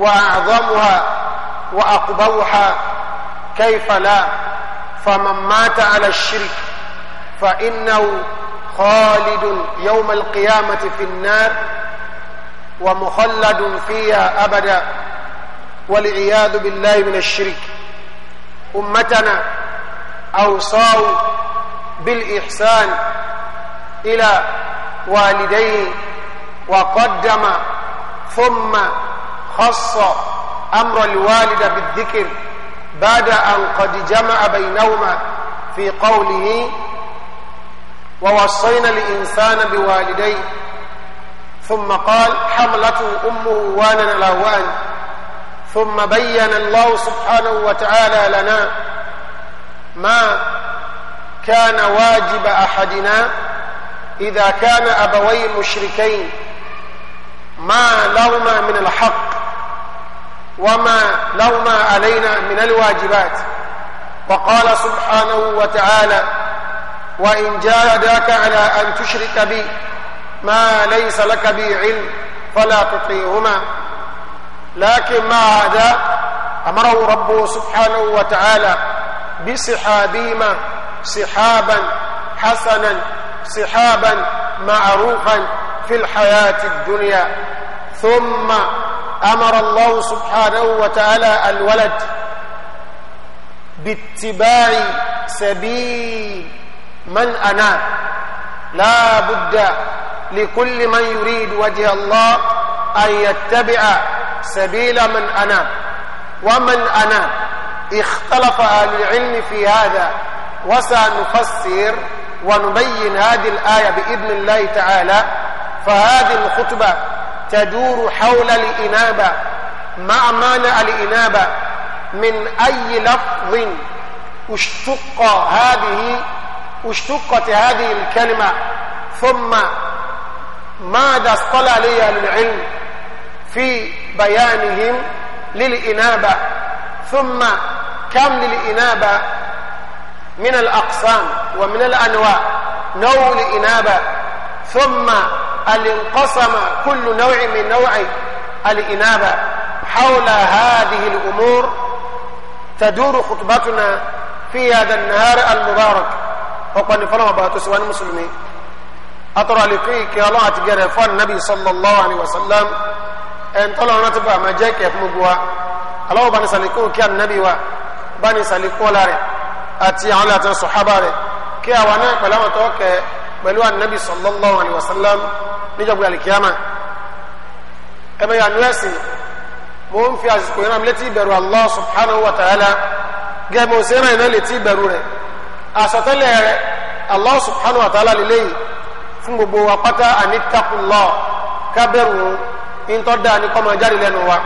وأعظمها وأقبوها كيف لا فمن مات على الشرك فإنه خالد يوم القيامة في النار ومخلد فيها أبدا والعياذ بالله من الشرك أمتنا أوصاوا بالإحسان إلى والديه وقدم ثم خص أمر الوالد بالذكر بعد أن قد جمع بينهما في قوله ووصينا الإنسان بوالديه ثم قال حملته أمه وانا الأوان ثم بين الله سبحانه وتعالى لنا ما كان واجب أحدنا إذا كان أبوي مشركين ما لهما من الحق وما لو ما علينا من الواجبات وقال سبحانه وتعالى وإن جاهداك على أن تشرك بي ما ليس لك بي علم فلا تطيعهما لكن ما هذا أمره ربه سبحانه وتعالى بسحابهما سحابا حسنا سحابا معروفا في الحياة الدنيا ثم امر الله سبحانه وتعالى الولد باتباع سبيل من انا لا بد لكل من يريد وجه الله ان يتبع سبيل من انا ومن انا اختلف اهل العلم في هذا وسنفسر ونبين هذه الايه باذن الله تعالى فهذه الخطبه تدور حول الإنابة مع معنى الإنابة من أي لفظ اشتق هذه اشتقت هذه الكلمة ثم ماذا اصطلى لي العلم في بيانهم للإنابة ثم كم للإنابة من الأقسام ومن الأنواع نوع الإنابة ثم هل كل نوع من نوع الإنابة حول هذه الأمور تدور خطبتنا في هذا النهار المبارك وقال فلما باتوا سوى المسلمين أترى لكيك يا الله أتجرى فالنبي صلى الله عليه وسلم ẹn tọ́lọ́ wọn ti bá àmà jẹ́ kẹ́ fún gbogbo wa aláwọ̀ bani salikun kí anabi wa bani salikun ọ̀la rẹ̀ àti pẹ̀lú anabi sallallahu alayhi wa sallam níjọba alikiyama ẹ bẹ yànnú ẹsìn mo ń fi àsìkò yẹn létí ìbẹ̀rù allah subhanahu wa ta'ala gẹ́gẹ́ mo ṣe ràn yẹn létí ìbẹ̀rù rẹ̀ àsọtẹ́lẹ̀ rẹ̀ allah subhanahu wa ta'ala lélẹ́yìí fún gbogbo wa pátá anittaqullah kábẹ́rù ntọ́da ní kọ́mọ jáde lẹ́nu wa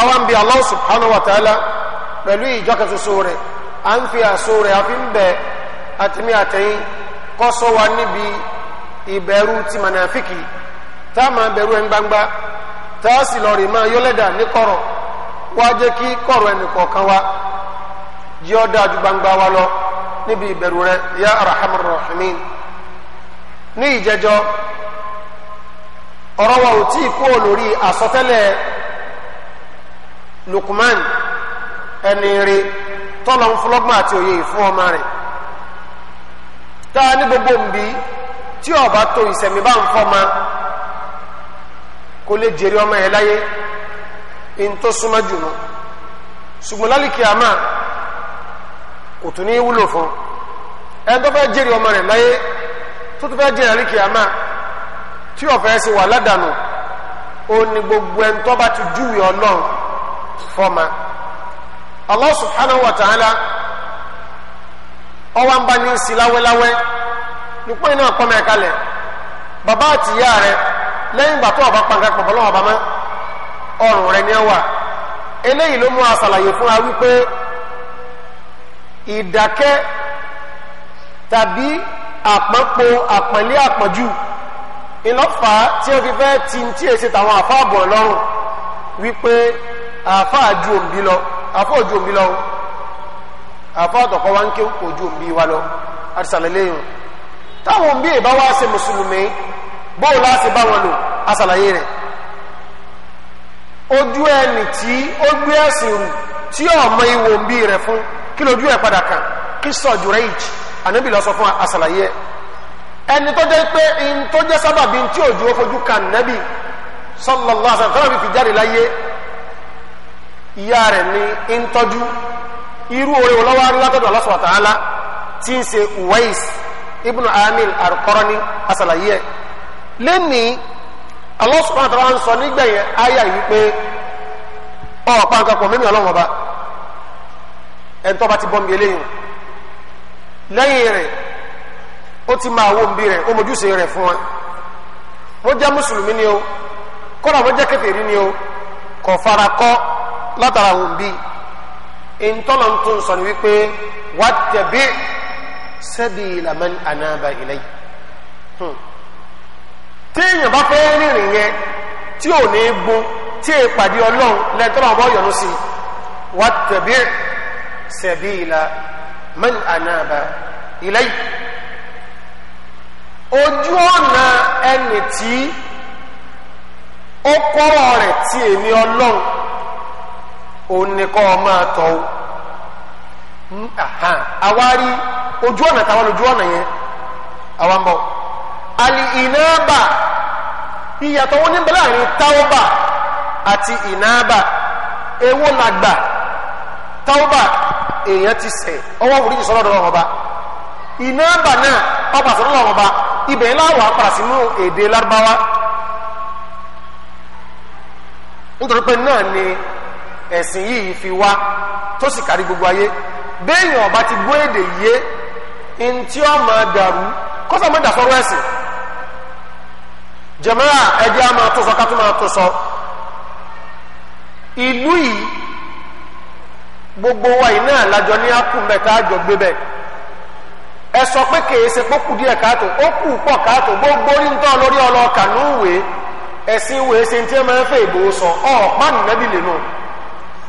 àwọn bí allah subhanahu wa ta'ala pẹ̀lú ìjọkẹ́soso rẹ̀ à ń fi àso rẹ̀ àfi ń bẹ̀ àtìmí àtẹ̀yìn kọ́sọ́ wa níbi ìbẹ̀rù ti mànàfíkì tá a máa bẹ̀rù ẹni gbangba tá a sì lọ rè máa yọ́lẹ́dà ní kọ̀rọ̀ wá jẹ́ kí kọ̀rọ̀ ẹnì kọ̀ọ̀kan wa yọ dáa ju gbangba wa lọ níbi ìbẹ̀rù rẹ ya arhamar rahimin ní ìjẹjọ́ ọ̀rọ̀ wa ò tí ì kúrò lórí àsọtẹ́lẹ̀ Lukman ẹni rí tọ́lọ́ ń fọlọ́gbọ́n àti òye ìfún ọmọ tá a ní gbogbo nbí tí ọba tó ìsẹ̀mí bá ń fọ́ ma kó lè jèrè ọmọ yẹn láyé ń tó súnmọ́ jù lọ ṣùgbọ́n lálìkí àmà kò tún ní wúlò fún ẹ tó fẹ́ jèrè ọmọ rẹ̀ láyé tó tó fẹ́ lálìkí àmà tí ọ̀fẹ́ sì wà ládàánù ó ní gbogbo ẹni bá ti júwe ọlọ́run fọ́ ma Allah subhanahu wa ta'ala ọwọ́ ń bá ní sí láwẹ́láwẹ́ nípò iná pọ́nmẹ́ kalẹ̀ bàbá àti ìyá rẹ lẹ́yìn ìgbà tó ọba pàǹkà pọ̀ bọ́lọ́wọ́ bàmá ọrùn rẹ ní ẹ wà eléyìí ló mú àṣàlàyé fún wa wípé ìdákẹ́ tàbí àpọ́npo àpọ́nlé àpọ́njù ìlọ́fà tí ó fi fẹ́ ti ń tí èsì tàwọn àfáàbọ̀ lọ́rùn wípé àfáàjù òǹbí lọ àfáàjù òǹbí lọ́rùn àfọ́tọ̀ kọ́ wa ń ké ojú òbí wa lọ àtisàlẹ́lẹ́yìn táwọn òbí ìbá wa ṣe mùsùlùmí bóò láti bá wọn lò àṣàlàyé rẹ̀ ojú ẹni tí ó gbé ẹ̀sìn rù tí ọmọ ìwò òbí rẹ̀ fún kí lójú ẹ̀ padà kàn kí sọ̀jù rẹ̀ ìjì ànábì lọ sọ fún àṣàlàyé ẹni tó jẹ́ pé in tó jẹ́ sábàbí tí òjò fojú kan nábì sallallahu alaihi wasallam fi jáde láyé ìyá rẹ̀ irú orí olówó alátọ̀dọ̀ Allah subhanahu wa tí ń se uwais ibn amil al-Qurani asàlàyé ẹ̀ lẹ́ni Allah ń sọ nígbẹ̀yẹn ayà yìí pé ọ̀pá ọba bá ti bọ́ mi lẹ́yìn rẹ̀ ó ti máa wo nbí rẹ̀ ó mojúṣe rẹ̀ fún wa mo jẹ́ mùsùlùmí ni o mo jẹ́ kèfèrí ni o látara ntọ́lọ̀ ń tún sọ ni wípé wattabi sabila man anaba ilay hmm. téèyàn bá fẹ́ rìnrìn yẹn tí ò ní gbó tí è pàdé ọlọ́run lẹ́tọ́lọ̀ ọba ọ̀yọ́nu sí wattabi sabila man anaba ilay ojú ọ̀nà ẹni tí ó kọ́rọ̀ rẹ̀ tí èmi ọlọ́run òun ni kọ́ ọ máa tọ́ o àwárí ojú ọ̀nà táwọn ojú ọ̀nà yẹn àwọn bọ̀ àlì ìnáàbà ìyàtọ̀ wọn níbẹ̀ láàrin táwọ́bà àti ìnáàbà èwo làgbà táwọ́bà èèyàn ti ṣẹ̀ ọwọ́ wòlíì ní sọ́dọ̀ ọ̀rọ̀ ọba ìnáàbà náà ọba sọ́dọ̀ ọ̀rọ̀ ọba ibẹ̀ ńlá wà padà sínú èdè lárúbáwá nítorí pé náà ni ẹ̀sìn yìí fi wá tó sì kárí gbogbo ayé béèyàn ọba ti gbọ́ èdè yé ntí ọ máa dàrú kọ́sà máa dàsọ́rọ́ ẹ̀sìn jẹ̀mẹ́rà ẹgbẹ́ a máa tó sọ ká tó máa tó sọ ìlú yìí gbogbo wa yìí náà lájọ ní akúmbẹ̀tà àjọ gbé ẹ sọ pé kèé ṣe kù díẹ̀ káàtó ó kù pọ̀ káàtó gbogbo ní lórí ọlọ́ọ̀kà ní ìwé ẹ̀sìn ìwé ṣe ń tí ẹ máa ń fẹ́ ìbò sọ ọ̀ pàmì nẹ́bí lè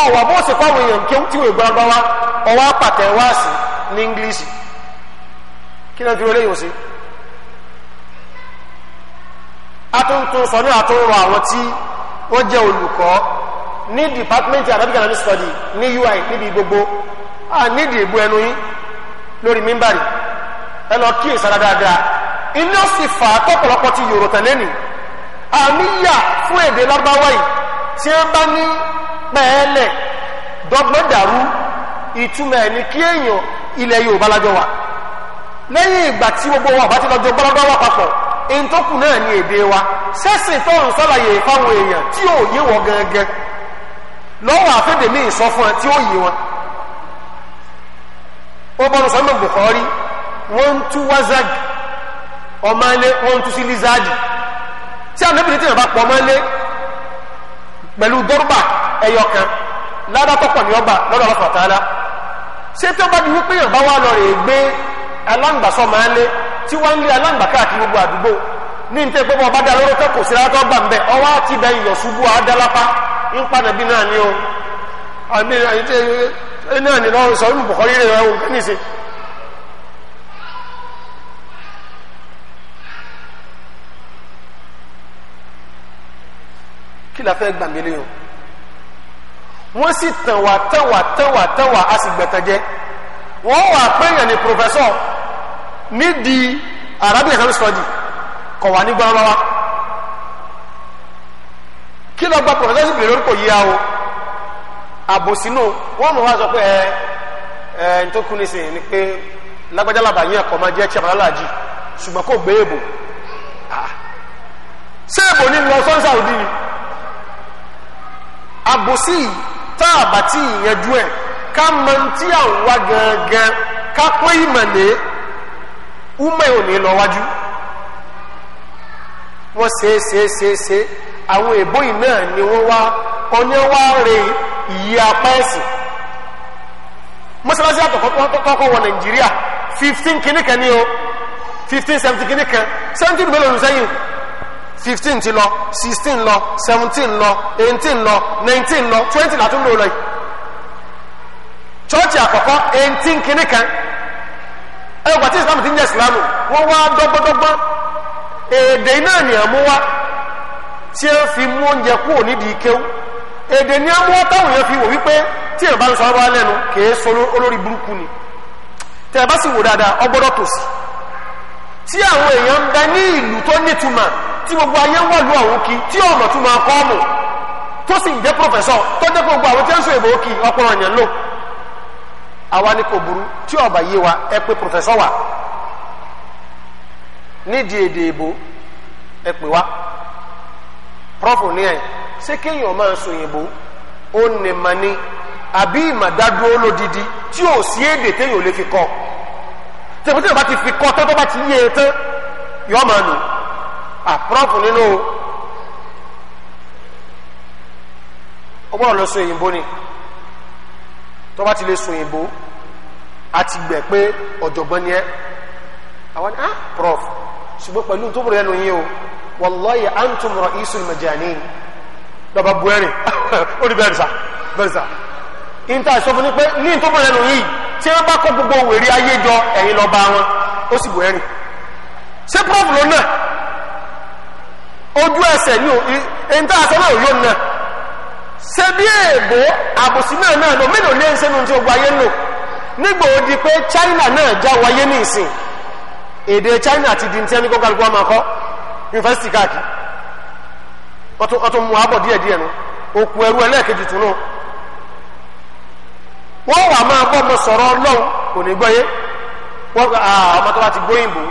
ọ̀wà bó ṣe fáwọn èèyàn kí ó tí wèé gbọ́ngbọ́n wá ọwọ́ apàtẹ wá sí ní ingilisi kí náà fi wọlé yòó sí. atuntun sọ ní àwọn tí jẹ ní department of and study ní ui níbi gbogbo a nídìí ìbú ẹnu yín lórí mímbàrì ẹ lọ kí èsàrà dáadáa iná sì fà á ti yòrò nì àníyà fún èdè yìí pẹ́ẹ́lẹ̀ dọ́gbọ́n dàrú ìtumọ̀ ẹ̀ ní kí èèyàn ilẹ̀ Yorùbá lájọ wà lẹ́yìn ìgbà tí gbogbo wa bá ti lọ́jọ́ gbọ́lọ́gbọ́ wà papọ̀ èyí tó kù náà ní èdè wa sẹ́sìn tó ń sàlàyé fáwọn èèyàn tí ò yé wọn gangan lọ́wọ́ àfẹ́dè míì sọ fún ẹ tí ó yé wọn ó bọ́nu sọ́nà Bukhari wọ́n ń tú wázàgì ọmọ ilé wọ́n ń tú sí lizaadi tí àwọn ẹbí tí wọ́n bá pọ̀ ọmọ ilé pẹ̀lú dọ́rbà ẹyọ kan ládàtọ̀pọ̀ ní ọgbà lọ́dọ̀ ọlọ́sọ̀ tààlà ṣé tí ó bá di wípé yàn bá lọ rè gbé aláǹgbà sọ máa lé tí wọ́n ń lé aláǹgbà káàkiri gbogbo àdúgbò ní nítorí pé wọ́n bá dá tẹ́kọ̀ọ́ sí ń bẹ̀ ọwọ́ àti ibẹ̀ ń náà ni o àmì náà ni wọ́n sì tàn wá tàn wá tàn wá tàn wá a sì gbẹ̀tàn jẹ́ wọ́n wà péyàn ní pòfẹ́sọ̀ nídìí arabic health study kọ̀ wá ní gbọ́nrọ́wá kí lọ gba pòfẹ́sọ̀ sì bèrè lórúkọ yíya o àbòsínú wọ́n mọ̀ wá sọ pé ẹ ẹ n tó kú ni pé lágbájá làbà yín ẹ̀kọ́ máa jẹ́ tí a máa láàjì ṣùgbọ́n kò gbé èbò ah. ṣé èbò ní lọ sọ́nsà òdì ni àbòsí yìí tá a bá ti yanjú ẹ̀ ká mọ tí à ń wá gangan ká pé ìmọ̀lẹ́ úmọ̀ ò ní lọ wájú wọ́n ṣe é ṣe é ṣe é ṣe àwọn èèbó yìí náà ni wọ́n wá ọní wá re ìyí apá ẹ̀sìn mọ́sálásí àtọ̀kọ́kọ́ wọ nàìjíríà fifteen kìnnìkan ni o fifteen seventy kìnnìkan seventy mélòó ló fifteen ti lọ sixteen lọ seventeen lọ eighteen lọ nineteen lọ twenty la tún lò lọ yìí chọ́ọ̀chì àkọ́kọ́ eighteen kìíní kan ẹ gbà tí islam ti ń jẹ́ islam wọ́n wá dọ́gbọ́dọ́gbọ́ èdè náà ní àmúwá tí ẹ fi mú oúnjẹ kúrò nídìí kéwú èdè ní àmúwá táwọn èèyàn fi wò wípé tí ẹ bá ń sọ ọ́ bá lẹ́nu kìí sọ olórí burúkú ni tẹ ẹ bá sì wò dáadáa ọgbọ́dọ̀ tòsí tí àwọn èèyàn ń bẹ ní ìlú tó nítumọ̀ tí gbogbo ayé ń wàlú ọ̀hún kí tí ọ̀nà tún máa kọ́ ọ̀mù tó sì ń jẹ́ pòfẹ́sọ̀ tó jẹ́ gbogbo àwọn tí ń sọ èbó kí ọ̀pọ̀ ọ̀yàn lò àwa ni kò burú tí ọba yé wa ẹ pé pòfẹ́sọ̀ wa nídìí èdè èbó ẹ pè wá prọfù ní ẹ ṣé kéèyàn máa sọ èbó ó ní mani àbí ìmàdádúró lódidi tí ò sí èdè téèyàn ò lè fi kọ tẹ̀wọ́n tí ìjọba ti fi kọ́ tọ́tọ́ bá ti yé e tán yọ́ọ́ máa nù àpúrọ́pù ah, nínú ó gbọ́dọ̀ lọ sọ òyìnbó ni tó bá ti lè sọ òyìnbó àti gbẹ̀ pé ọ̀jọ̀gbọ́n ni ẹ́ àwọn ni ah prof ṣùgbọ́n pẹ̀lú tó bọ̀rọ̀ lẹ́nu yín o wallahi antum ra'isul majanin lọ́ba buẹ́rì ó ní bẹ́ẹ̀rì sá bẹ́ẹ̀rì sá ìta ìsọfún ní pé ní tó bọ̀rọ̀ lẹ́nu yìí tí wọ́n bá kó gbogbo wèrè ayé jọ ẹ̀yìn lọ́ba wọn ó sì buẹ́rì ṣé prof lónà ojú ẹsẹ̀ ní ohun tí a sọ náà yóò náà ṣe bí èèbó àbòsí náà náà lọ mélòó lé ń sẹ́nu tí ogun ayé ń lò nígbà ó di pé China náà ti di ntị ẹni kọ́kọ́ alùpùpù àmàkọ́ yunifásitì káàkiri wọ́n tún mú abọ̀ díẹ̀ díẹ̀ nu òkú ẹrú ẹlẹ́ẹ̀kejì tún wọ́n wà máa ti gbóyìnbó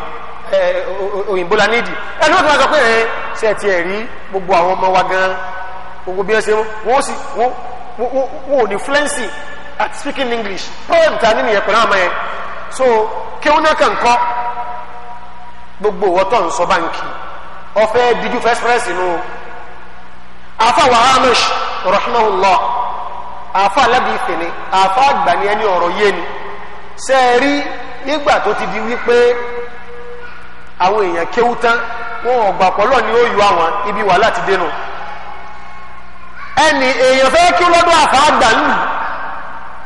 òyìnbó la nídìí ẹni wọ́n ti máa sọ pé ẹ ṣe ẹ tiẹ̀ rí gbogbo àwọn ọmọ wa gan gbogbo bí ẹ ṣe wọ́n sì wọ́n ò ní fluency at speaking English problem ta nínú ìyẹn pẹ̀lú àmọ́ yẹn so kéwọn náà kàn kọ́ gbogbo ń sọ báńkì ọ̀fẹ́ díjú fẹ́sipẹ́sì nù afa wa hamish afa alábi ìfẹ̀ni afa àgbà ẹni ọ̀rọ̀ yé ni nígbà tó ti di wípé àwọn èèyàn kéwú tán wọn ò gbà pọ̀ lọ́ọ̀ ni ó yọ àwọn ibi wà láti dénú ẹnì èèyàn fẹ́ kí lọ́dọ̀ àfáàgbà lù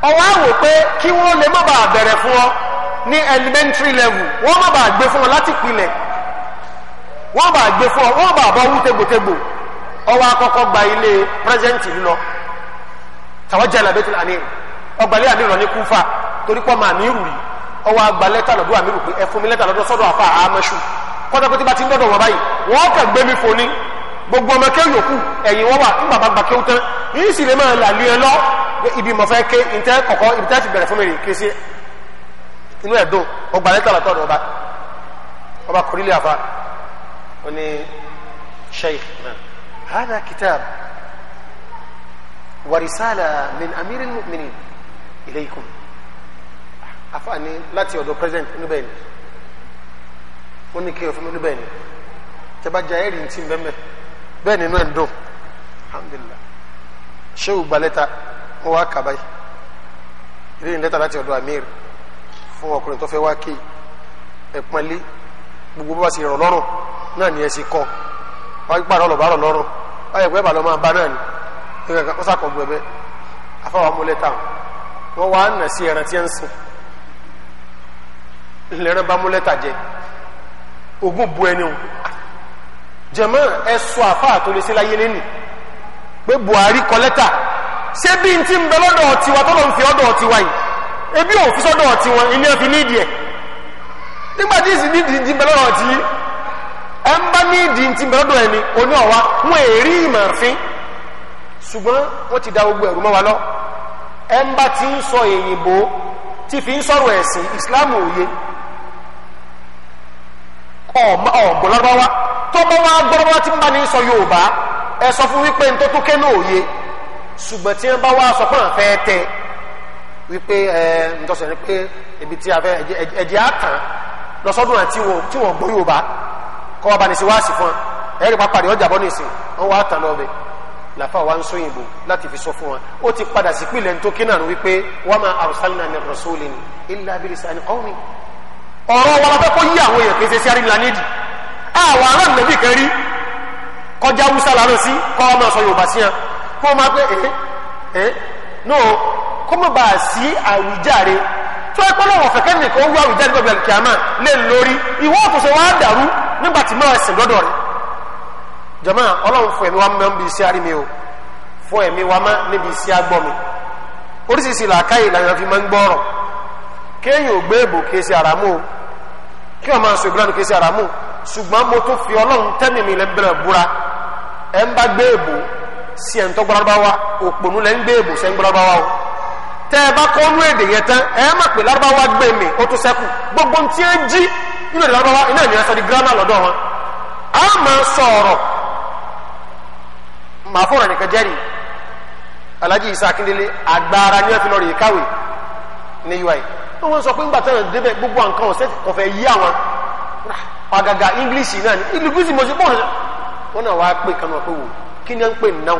ọwọ́ àwò pé kí wọ́n lè má bàa bẹ̀rẹ̀ fún ọ ní elementary level wọ́n má bàa gbé fún ọ láti pilẹ̀ wọ́n bàa gbé fún ọ wọ́n bàa bọ́ wú tegbòtegbò ọwọ́ akọ́kọ́ gba ilé pírẹsidẹ́ǹtì lọ tàwọn jẹ́ ìlàbẹ́tì àní ọgbàlẹ́ àní ní kúfà torí pọ́ màmí rù rí ọwọ́ àgbà lẹ́tà lọ́dọ̀ àmírù pé ẹ fún mi lẹ́tà lọ́dọ̀ sọ́dọ̀ àfa àmọ́ṣù kọ́dọ̀ pé tí bá ti ń dọ̀dọ̀ wọn báyìí wọ́n kàn gbé mi fò ní gbogbo ọmọ kéwù yòókù ẹ̀yìn wọn wà tí bàbá gbà kéwù tán yìí sì lè máa là lé lọ ibi mọ̀ ké ntẹ́ kọ̀kọ́ ibi tẹ́ ti bẹ̀rẹ̀ fún mi rìn kése inú ẹ̀ ọgbà lẹ́tà lọ́tọ̀ ọba àfààní láti ọ̀dọ̀ president oníbẹ̀ ni wọ́n ní kéèyàn fún oníbẹ̀ ni tẹ́bá jẹ́ ẹ̀rì tí ń bẹ́ẹ̀ bẹ́ẹ̀ nínú ẹ̀ ń dùn alhamdulillah ṣéwù gbalẹ́ta wọ́n wá kà báyìí ilé lẹ́tà láti ọ̀dọ̀ amir fún ọkùnrin tó fẹ́ wá kí ẹ̀pọ̀nlé gbogbo bá sì rọ̀ lọ́rùn náà ni ẹ̀ sì kọ́ wọ́n gbà rọ̀ lọ́bàá lọ́rùn báyìí pẹ́ bà máa bá náà ni wọ́n sàkọ̀ gbẹ̀bẹ̀ afáwọn wọ́n wá nà sí ẹran ẹ̀ ń sìn lẹ́ran bá mú lẹ́tà jẹ ogún bu ẹni o jẹ̀mọ́ ẹ sọ àfáà tó lè sí láyé lẹ́nì pé Buhari kọ lẹ́tà ṣé bí n ti ń bẹ lọ́dọ̀ tiwa tó lọ ń fi ọ̀dọ̀ tiwa yìí ebi ò fi sọ́dọ̀ tiwọn ilé ẹ̀ fi nídìí ẹ̀ nígbà tí ìsìn nídìí ti ń bẹ lọ́dọ̀ ti ẹ ń bá nídìí ti ń bẹ lọ́dọ̀ ẹni oní ọ̀wá wọn èrí ìmọ̀ràn ṣùgbọ́n wọ́n ti da gbogbo ẹ̀rù mọ́ wa lọ ẹ ń bá ti ń sọ èyìnbó ti fi ń sọ̀rọ̀ ẹ̀sìn ìsìláàmù òye ọ̀gbọ̀n lọ́dọ́wá tó bá wá gbọ́dọ́wá tí ń bá ní sọ yorùbá ẹ sọ fún wípé ní tó tó ké náà òye ṣùgbọ́n tí wọ́n bá wá sọ fún àfẹ́ tẹ wípé ẹ ǹtọ́sọ̀ ni pé ibi tí a fẹ́ ẹ̀jẹ̀ àtàn lọ́sọ́dún àti tí wọ́n gbọ́ yorùbá kọ́ wa bá ní sí wá sí fún ẹ ẹ̀rí pápá rẹ̀ ọjà bọ́ ní ìsìn wọ́n wá tàn lọ́ọ̀bẹ̀ làfà wa ń sún ìbò láti fi sọ fún wa ó ti padà sí pìlẹ̀ ní tó ké náà wípé wa ma arsalna min rasulin illa bilisani ọ̀rọ̀ wa la fẹ́ kó yí àwọn èèyàn kèsè sí àrílà nídì àwọn ará nàbì kan rí kọjá wúsà lánàá sí kọ́ ọmọ sọ yorùbá sí hàn kó máa pé ẹ ẹ no kó má bàa sí àwùjáre tó ẹ pọ́n lọ́wọ́ fẹ̀kẹ́ nìkan ó wú àwùjáre gbọ́dọ̀ kìámà lé e lórí ìwọ òtúnṣe wa dàrú nígbà tí máa sìn lọ́dọ̀ rẹ̀ jọ̀mọ́ ọlọ́run fún ẹ̀mí wa mọ́ níbi iṣẹ́ àrí mi o fún ẹ̀mí wa mọ́ níbi iṣẹ́ àgbọ̀ mi oríṣiríṣi làákàyè làwọn fi máa ń gbọ́ ọ̀rọ̀ kéèyàn ò gbé èbò kéèsì àràmú o kí wọn máa sọ ìbúra nìkan sí aramu ṣùgbọ́n mo tún fi ọlọ́run tẹ́mi mi lẹ́ bẹ̀rẹ̀ búra ẹ̀ ń bá gbé èbò sí ẹ̀ ń tọ́gbọ́n lárúbáwá òpònú lẹ́ ń gbé èbò sẹ́ ń gbọ́n lárúbáwá o tẹ́ ẹ bá kọ́ nú èdè yẹn tán ẹ má pè lárúbáwá gbé mi ó tún sẹ́kù gbogbo tí ẹ jí nínú èdè lárúbáwá iná ìnira sọ di gírámà lọ́dọ̀ wọn a máa sọ̀rọ̀ màá fọ̀rọ̀ ui tó wọ́n sọ pé ńgbà tẹ́lẹ̀ débẹ̀ gbogbo nǹkan ọ̀sẹ̀ kò fẹ́ yí àwọn àgàgà english náà ni english mo sì bọ̀ ọ̀nà wọn náà wá pé kan náà pé wò kí ni à ń pè náà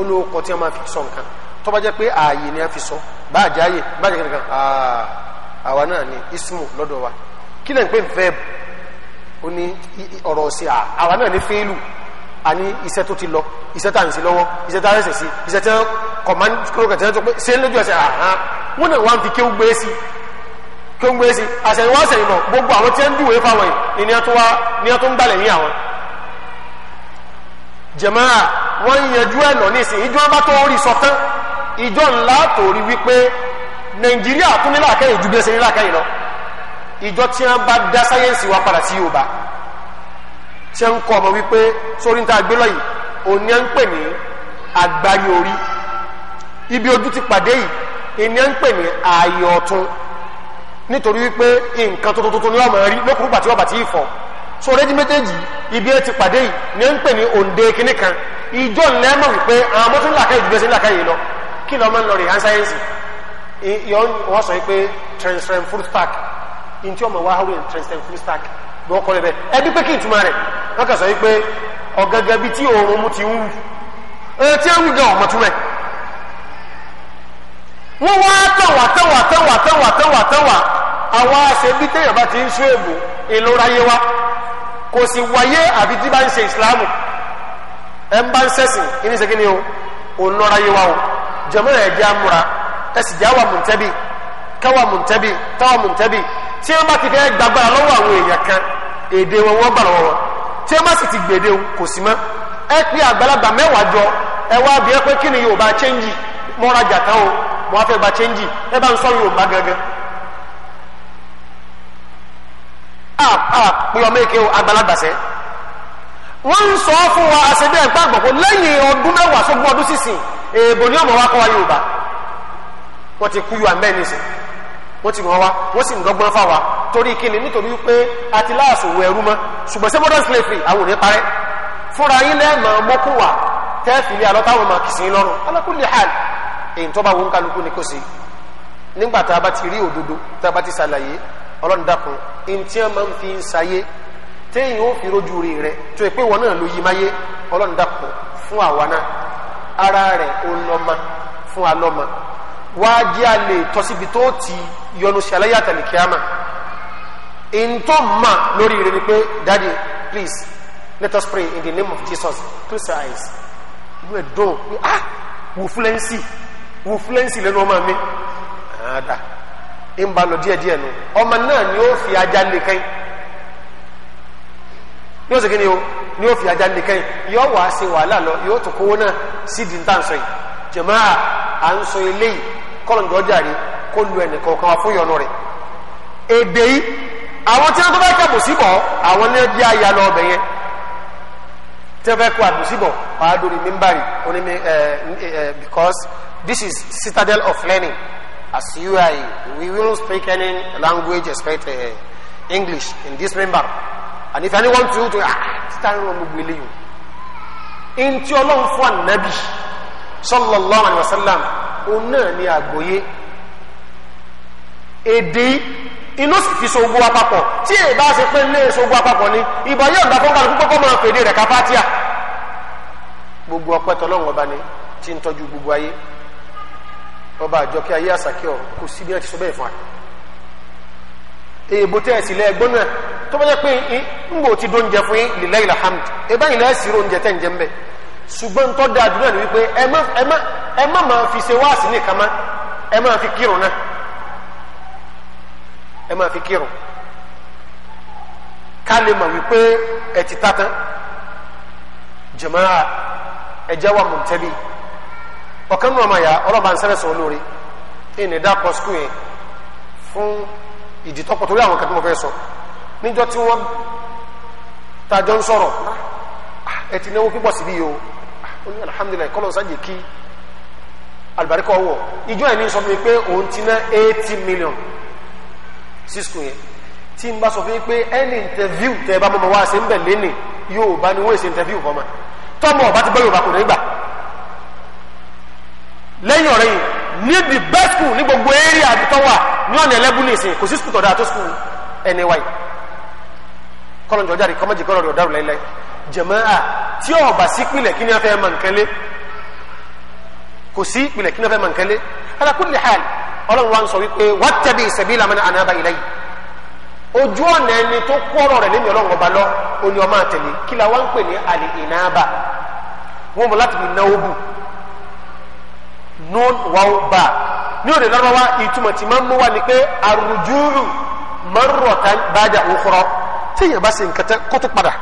olóòkọ tí a máa fi sọ nǹkan tó bá jẹ́ pé ààyè ni a fi sọ báà jẹ́ ààyè báà jẹ́ kankan àwa náà ni ismu lọ́dọ̀ wa kí ni à ń pè verb ó ní ọ̀rọ̀ ọ̀sẹ̀ àwa náà ni fẹ́ẹ́lù àní iṣẹ́ tó ti lọ iṣẹ́ tá à ń sí lọ́wọ́ iṣẹ́ tá à ń ṣe sí iṣẹ́ tí wọ́n kọ̀mán kúrò kẹ̀tẹ́ tó pé ṣé ń lójú ẹsẹ̀ àhán wọ́n náà wọ́n fi kéwú gbé sí kéwú gbé sí àṣẹyìn wọ́n àṣẹyìn bọ̀ gbogbo àwọn tí wọ́n ń dùwẹ̀ fáwọn yìí ni wọ́n tó ń gbalẹ̀ yín àwọn. jẹ̀máà wọ́n yanjú ẹ̀ lọ nísìn ìjọ bá tó rí sọ tán ìjọ ńlá torí wípé nàìjíríà tún nílàkẹ́yìn ju bí ẹsẹ̀ nílàkẹ́yìn lọ ìjọ tí wọ́n bá dá sáyẹ́ǹsì wa padà sí yorùbá ṣe ń kọ́ ọmọ wípé sórí níta gbélọ́ yìí òní à ń pè ní agbárí orí ibi ojú ti pàdé yìí ìní à ń pè ní ààyè ọ̀tún nítorí wípé nǹkan tuntun tuntun ni wọ́n máa rí lókùrú bàtí wọ́n bàtí ìfọ̀ so rédí méjèèjì ibi ẹ ti pàdé yìí ní à ń pè ní òǹde kínní kan ìjọ lẹ́mọ̀ wípé àwọn ọmọ tó ń làkàyè jù bẹ́ẹ̀ lọ kí lọ́ọ́ máa ń lọ rìn hàn sáyẹ́nsì wọ́n sọ pé transfer food stack ntí ọmọ transfer food stack bọ́ kọ́ lẹ́bẹ̀ ẹbí pé kí ìtumọ̀ rẹ̀ wọ́n kà sọ wípé ọ̀gángan bíi tí òórùn mu ti ń wù ẹ tí ń wù gan ọ̀mọ̀ tún rẹ̀ wọ́n wá tẹ̀wà tẹ̀wà tẹ̀wà tẹ̀wà tẹ̀wà tẹ̀wà àwa ṣe bí téèyàn bá ti ń sún èbù ìlóra yé wa kò sì wáyé àbí tí bá ń ṣe ìsìláàmù ẹ ń bá ń sẹ́sìn kí ṣe kí o òun lọ́ra yé wa o jẹ̀mọ́ ẹ̀ jẹ́ àmúra ẹ sì jẹ́ àwa mùtẹ́bì káwa mùtẹ́bì táwa tí wọ́n bá ti fẹ́ gbàgbára lọ́wọ́ àwọn èèyàn kan èdè wọn wọ́n gbà lọ́wọ́ wọn tí ẹ má sì ti gbèdé kò sí mọ ẹ pé àgbàlagbà mẹ́wàá jọ ẹ wá bí ẹ pé kí ni Yorùbá chẹ́ńjì mọ́ra jàtá o mo fẹ́ chẹ́ńjì ẹ a a pé ọmọ èké o àgbàlagbà sẹ́ wọ́n ń sọ fún wa àṣẹbí ọdún ọdún sísìn èèbò ni ọmọ wa wa Yorùbá ti kú Yorùbá mẹ́rin ti torí kíni nítorí wípé a ti láàsòwò ẹrú mọ́ ṣùgbọ́n sí modern slavery àwọn ò ní parẹ́ fúnra yín lẹ́ẹ̀mọ́ mọ́kùnwà tẹ́ẹ̀fìlì alọ́táwọn máa kìsìn lọ́rùn alákùnlé hàn èyí tó bá wọn kálukú ni kò sí nígbà tá a bá ti rí òdodo tá a bá ti ṣàlàyé ọlọ́run dákun ẹni tí wọ́n máa ń fi ń ṣayé téèyàn ó fi rojú rí rẹ tó yẹ pé wọn náà ló yí máyé ọlọ́run dákun fún àwa náà ara rẹ̀ ó lọ́mọ fún alọ́mọ wáá jẹ́ àlè tọ́síbi tó ti yọnu sí aláyàtàlì kíámà in tó ma lórí rẹ ni pé daddy please let us pray in the name of Jesus close your eyes inú ẹ dùn ah wò fúlẹ́ǹsì wò fúlẹ́ǹsì lẹ́nu ọmọ mi àádá ń ba lọ díẹ̀díẹ̀ nu ọmọ náà ni ó fi ajá lè kẹ́yìn ní ọ̀sẹ̀ kí ni o ni ó fi ajá lè kẹ́yìn yóò wá ṣe wàhálà lọ yóò tó kówó náà di níta nsọ yìí jẹ̀mọ́ à ń sọ eléyìí kọ́lọ̀ǹdọ̀ ọjà rí kó lu ẹnì kọ̀ọ̀kan wá fún yọ̀nù rẹ̀ èdè yìí àwọn tí wọn tó bá kí àbòsíbọ̀ àwọn ní ẹbí àyà lọ ọbẹ̀ yẹn tí wọn fẹ́ kó àbòsíbọ̀ wàá dórí mímbàrì oní mi because this is citadel of learning as you are we will speak any language except uh, English in this member and if anyone to you to ah stand on gbogbo eléyìí in tí ọlọ́run fún ànábì sallallahu alayhi wa sallam òun náà ni àgbọ́yé èdè inú sì fi ṣògbó apapọ̀ tí èyí bá ṣe pé ilé ṣògbó apapọ̀ ni ìbá yóò gbà fún kálukú kọ́kọ́ máa fèdè rẹ̀ káfátíà gbogbo ọpẹ́ tọlọ́run ọba ni tí ń tọ́jú gbogbo ayé ọba àjọkẹ́ ayé àsàkẹ́ ọ kò sí bí wọ́n ti sọ bẹ́ẹ̀ fún wa èèbò tẹ́ ẹ̀ sì lẹ́ẹ̀gbọ́n náà tó bá jẹ́ pé ńgbò ti dó fún yín lílẹ́ hamd ẹ̀bá ìlà ẹ̀sìn ni wípé ẹ má máa fi ṣe wáàsí nìkan má ẹ máa fi kírun ká lè mọ̀ wípé ẹ ti ta tán jàmáà ẹ jẹ́ wà mọ̀tẹ́lì ọ̀kan nínú ọmọ ya ọlọ́ba ń sẹ́rẹ̀ sọ olóore ẹ̀yìn ẹ̀dá kọ skul yẹn fún ìdí tọ́pọ̀ torí àwọn kan fẹ́ sọ níjọ́ tí wọ́n tajọ́ ń sọ̀rọ̀ ẹ ti náwó pípọ̀ síbí yìí o ó ní alihamudulilayi kọ́lọ́ sáàjì kí alibarika ọwọ́ ìjọ ẹ̀ ní sọ fún mi pé òun ti ná eighty million sí skul yẹn tí n bá sọ fún yín pé ẹni interview tẹ ẹ bá mọ̀ wá sí ń bẹ̀ lẹ́nì yóò bá ní wọ́n ṣe interview fọmọ tọmọ ọba ti bọ́ yorùbá kò ní gbà lẹ́yìn ọ̀rẹ́ yìí ní school ní gbogbo area àbítọ́ wà ní ọ̀nà ẹlẹ́bùn ní ìsìn kò sí skul tọ̀dá tó skul ẹni wáyé kọ́lọ̀njọ́ jáde kọ́mọ́jì kọ́lọ̀ rẹ̀ ọ̀dàrú láíláí jàmáà tí ọ̀bà sí ìpìlẹ̀ kí ní afẹ́ mọ̀ nkẹ́lé kò sí ìpìlẹ̀ kí ní afẹ́ mọ̀ nkẹ́lé ala kulli ọlọ́run wa ń sọ wípé wattabi sabila man anaba ilayya ojú ọ̀nà ẹni tó kú ọ̀rọ̀ rẹ̀ lẹ́nu ọlọ́run ọba lọ oní ọmọ àtẹ̀lé kí la wá ń pè ní àlè ìnáàbà wọn mọ láti fi náwó bù nún wàá bá ní òde lọ́wọ́ ìtumọ̀ tí máa ń mú wa ni pé àrùjúrù marratan ba'da ukhra téèyàn bá ṣe nǹkan tẹ́ kó tó padà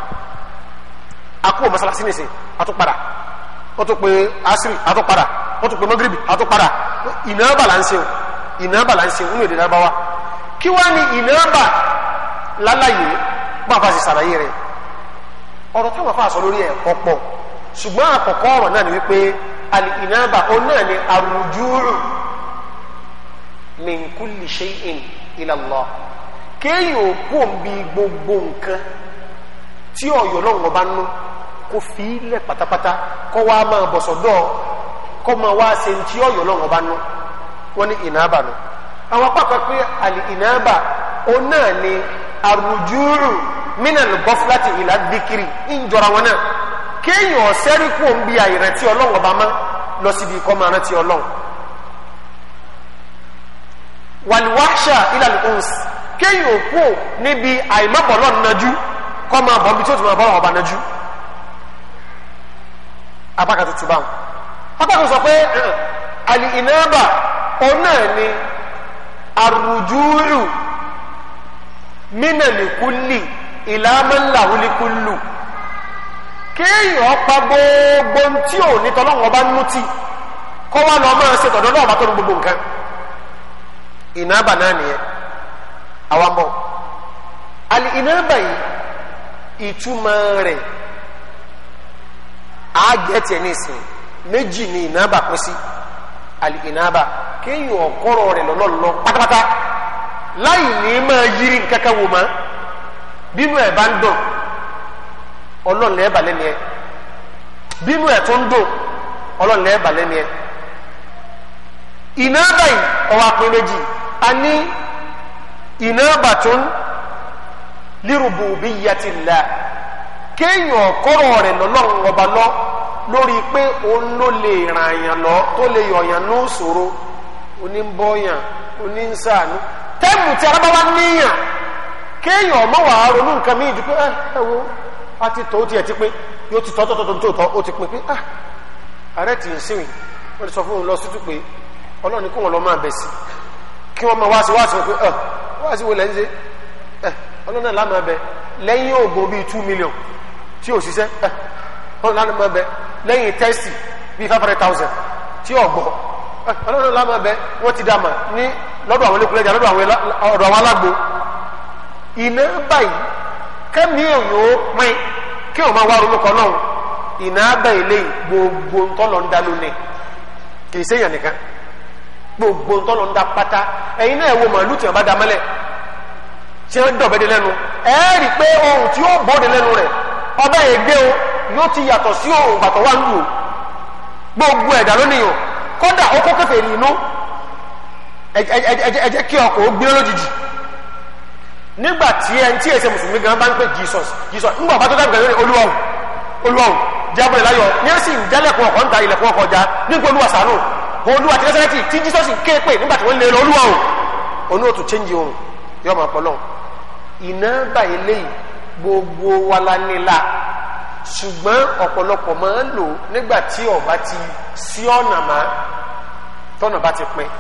àkúwò masalasi nìsín àtúpadà wọ́n tó pe asiri àtúpadà wọ́n tó pe magribi àtúpadà ìnáàbà là ń ṣe o ìnáàbà là ń ṣe nínú èdè lábáwá kí wá ní ìnáàbà lálàyé bàbá sì sàlàyé rẹ̀ ọ̀rọ̀ táwọn afa sọ lórí ẹ̀ ọ̀pọ̀ ṣùgbọ́n àkọ́kọ́ ọ̀rọ̀ náà ni wípé àlì ìnáàbà ó náà ni àrùjúrù min kulli shay'in ila Allah kéèyàn ò kú òǹbi gbogbo nǹkan tí ọ̀yọ́ lọ́wọ́ bá nú kó fi í lẹ̀ pátápátá kó wá máa bọ̀sọ̀dọ̀ kó máa wá ṣe ti ọ̀yọ́ lọ́wọ́ bá nú wọ́n ní ìnáàbà nù àwọn apákan pé àlè ìnáàbà ó náà ní àrùjúrù mínàlù gọ́fúláti ìlà díkiri ń jọra wọn náà kéèyàn ọ̀sẹ́rí kú òun bí àìrántí ọlọ́run ọba má lọ síbi ikọ́ máa rántí ọlọ́run wàlúwàṣà ìlàlù ons kéèyàn òkú níbi àìmọ́bọ̀lọ́ nájú kọ́ máa bọ̀ bí tí ó ti máa bọ́ ọba nájú apákan tuntun báwọn apákan sọ pé àlè ìnáàbà òun náà ni àrùjúrù mínàlìkúlì ìlàmọ́láhùlìkúlù kéèyàn pa gbogbo tí o ní tọ́lọ́wọ́n bá nú tí kọ́ wá lọ máa ṣe tọ̀dọ̀ náà bá tọ́nu gbogbo nǹkan ìnáàbà náà nìyẹn àwọn bọ̀ àlì ìnáàbà yìí ìtumọ̀ rẹ̀ àágẹ́tì ẹ̀ ní ìsìn méjì ni ìnáàbà pín sí alìnàbà kéèyàn ọ̀kọ́rọ̀ rẹ̀ lọ́lọ́lọ́ pátápátá láì ní máa yiri kankan wò mọ́ bínú ẹ̀ bá ń dùn ọlọ́run lẹ́ẹ̀bà lẹ́ni ẹ bínú ẹ̀ tó ń dùn ọlọ́run lẹ́ẹ̀bà lẹ́ni ẹ ìnàbà yìí ọwọ́ apin méjì a ní ìnàbà tó ń lírùbù bí yàtìlá kéèyàn ọ̀kọ́rọ̀ rẹ̀ lọ́lọ́run lórí pé òun ló lè ràn yàn lọ tó lè yọ ní òṣòro oníbọyàn oníṣàánú tẹ́ẹ̀mù tí arábáwá níyàn kéèyàn ọmọ wàá ronú nǹkan míì ju pé ẹ ah, ẹ wo a ti tọ́ ó ti pé yóò ti tọ́ ti pin ah ààrẹ ti ń sèwìn wọ́n ti sọ fún òun lọ sítú pé ọlọ́run kó wọn lọ máa bẹ̀ sí kí wọ́n máa wá sí wá sí pé ẹ ah, wá sí wo lẹ́ ṣe ẹ eh, ọlọ́run náà lẹ́yìn tẹ́sì bíi five hundred thousand tí ò gbọ́ eh, ọlọ́run lámà bẹ wọ́n ti dà mà ní lọ́dọ̀ àwọn olókùnrin ẹja lọ́dọ̀ àwọn ọ̀dọ̀ àwọn alágbo iná báyìí kẹ́mi èèyàn ó pín kí òun máa wá orúkọ náà iná báyìí lẹ́yìn gbogbo ńtọ́lọ́ ń dá lónìí kì í séèyàn nìkan gbogbo ńtọ́lọ́ ń dá pátá ẹ̀yin náà wo màálù tí wọ́n bá dá mọ́lẹ̀ tí wọ́n dọ̀bẹ́dẹ lẹ́nu ẹ̀ẹ́rì pé ohun tí ó bọ́ọ̀dẹ lẹ́nu rẹ̀ ọbẹ̀ yẹn gbé o yóò ti yàtọ̀ sí òun gbàtọ̀ wà lù ú gbogbo ẹ̀dá lónìí o kódà ó kó kẹfẹ́ rí inú ẹ jẹ́ kí ọkọ̀ ó gbé lójijì nígbà tí ẹ tí èsè mùsùlùmí gan bá ń pè Jesus Jesus ńgbà bá tó dàgbà lórí olúwàwù olúwàwù jábọ̀ láyọ̀ ní ẹ sì ń jálẹ̀kùn ọkọ̀ ń ta ilẹ̀kùn ọkọ̀ já nígbà olúwa sànù olúwa ti lẹ́sẹ̀rẹ́tì tí Jesus ń ké pè nígbà tí wọ́n lé lọ olúwàwù onú òtún chẹ́ǹjì ohun yọmọ ọpọlọ iná báyìí léyìí gbogbo wa la nílà ṣùgbọ́n ọ̀pọ̀lọpọ̀ máa ń lò nígbà tí ọba ti sí ọ̀nà má tọ́nà bá ti pin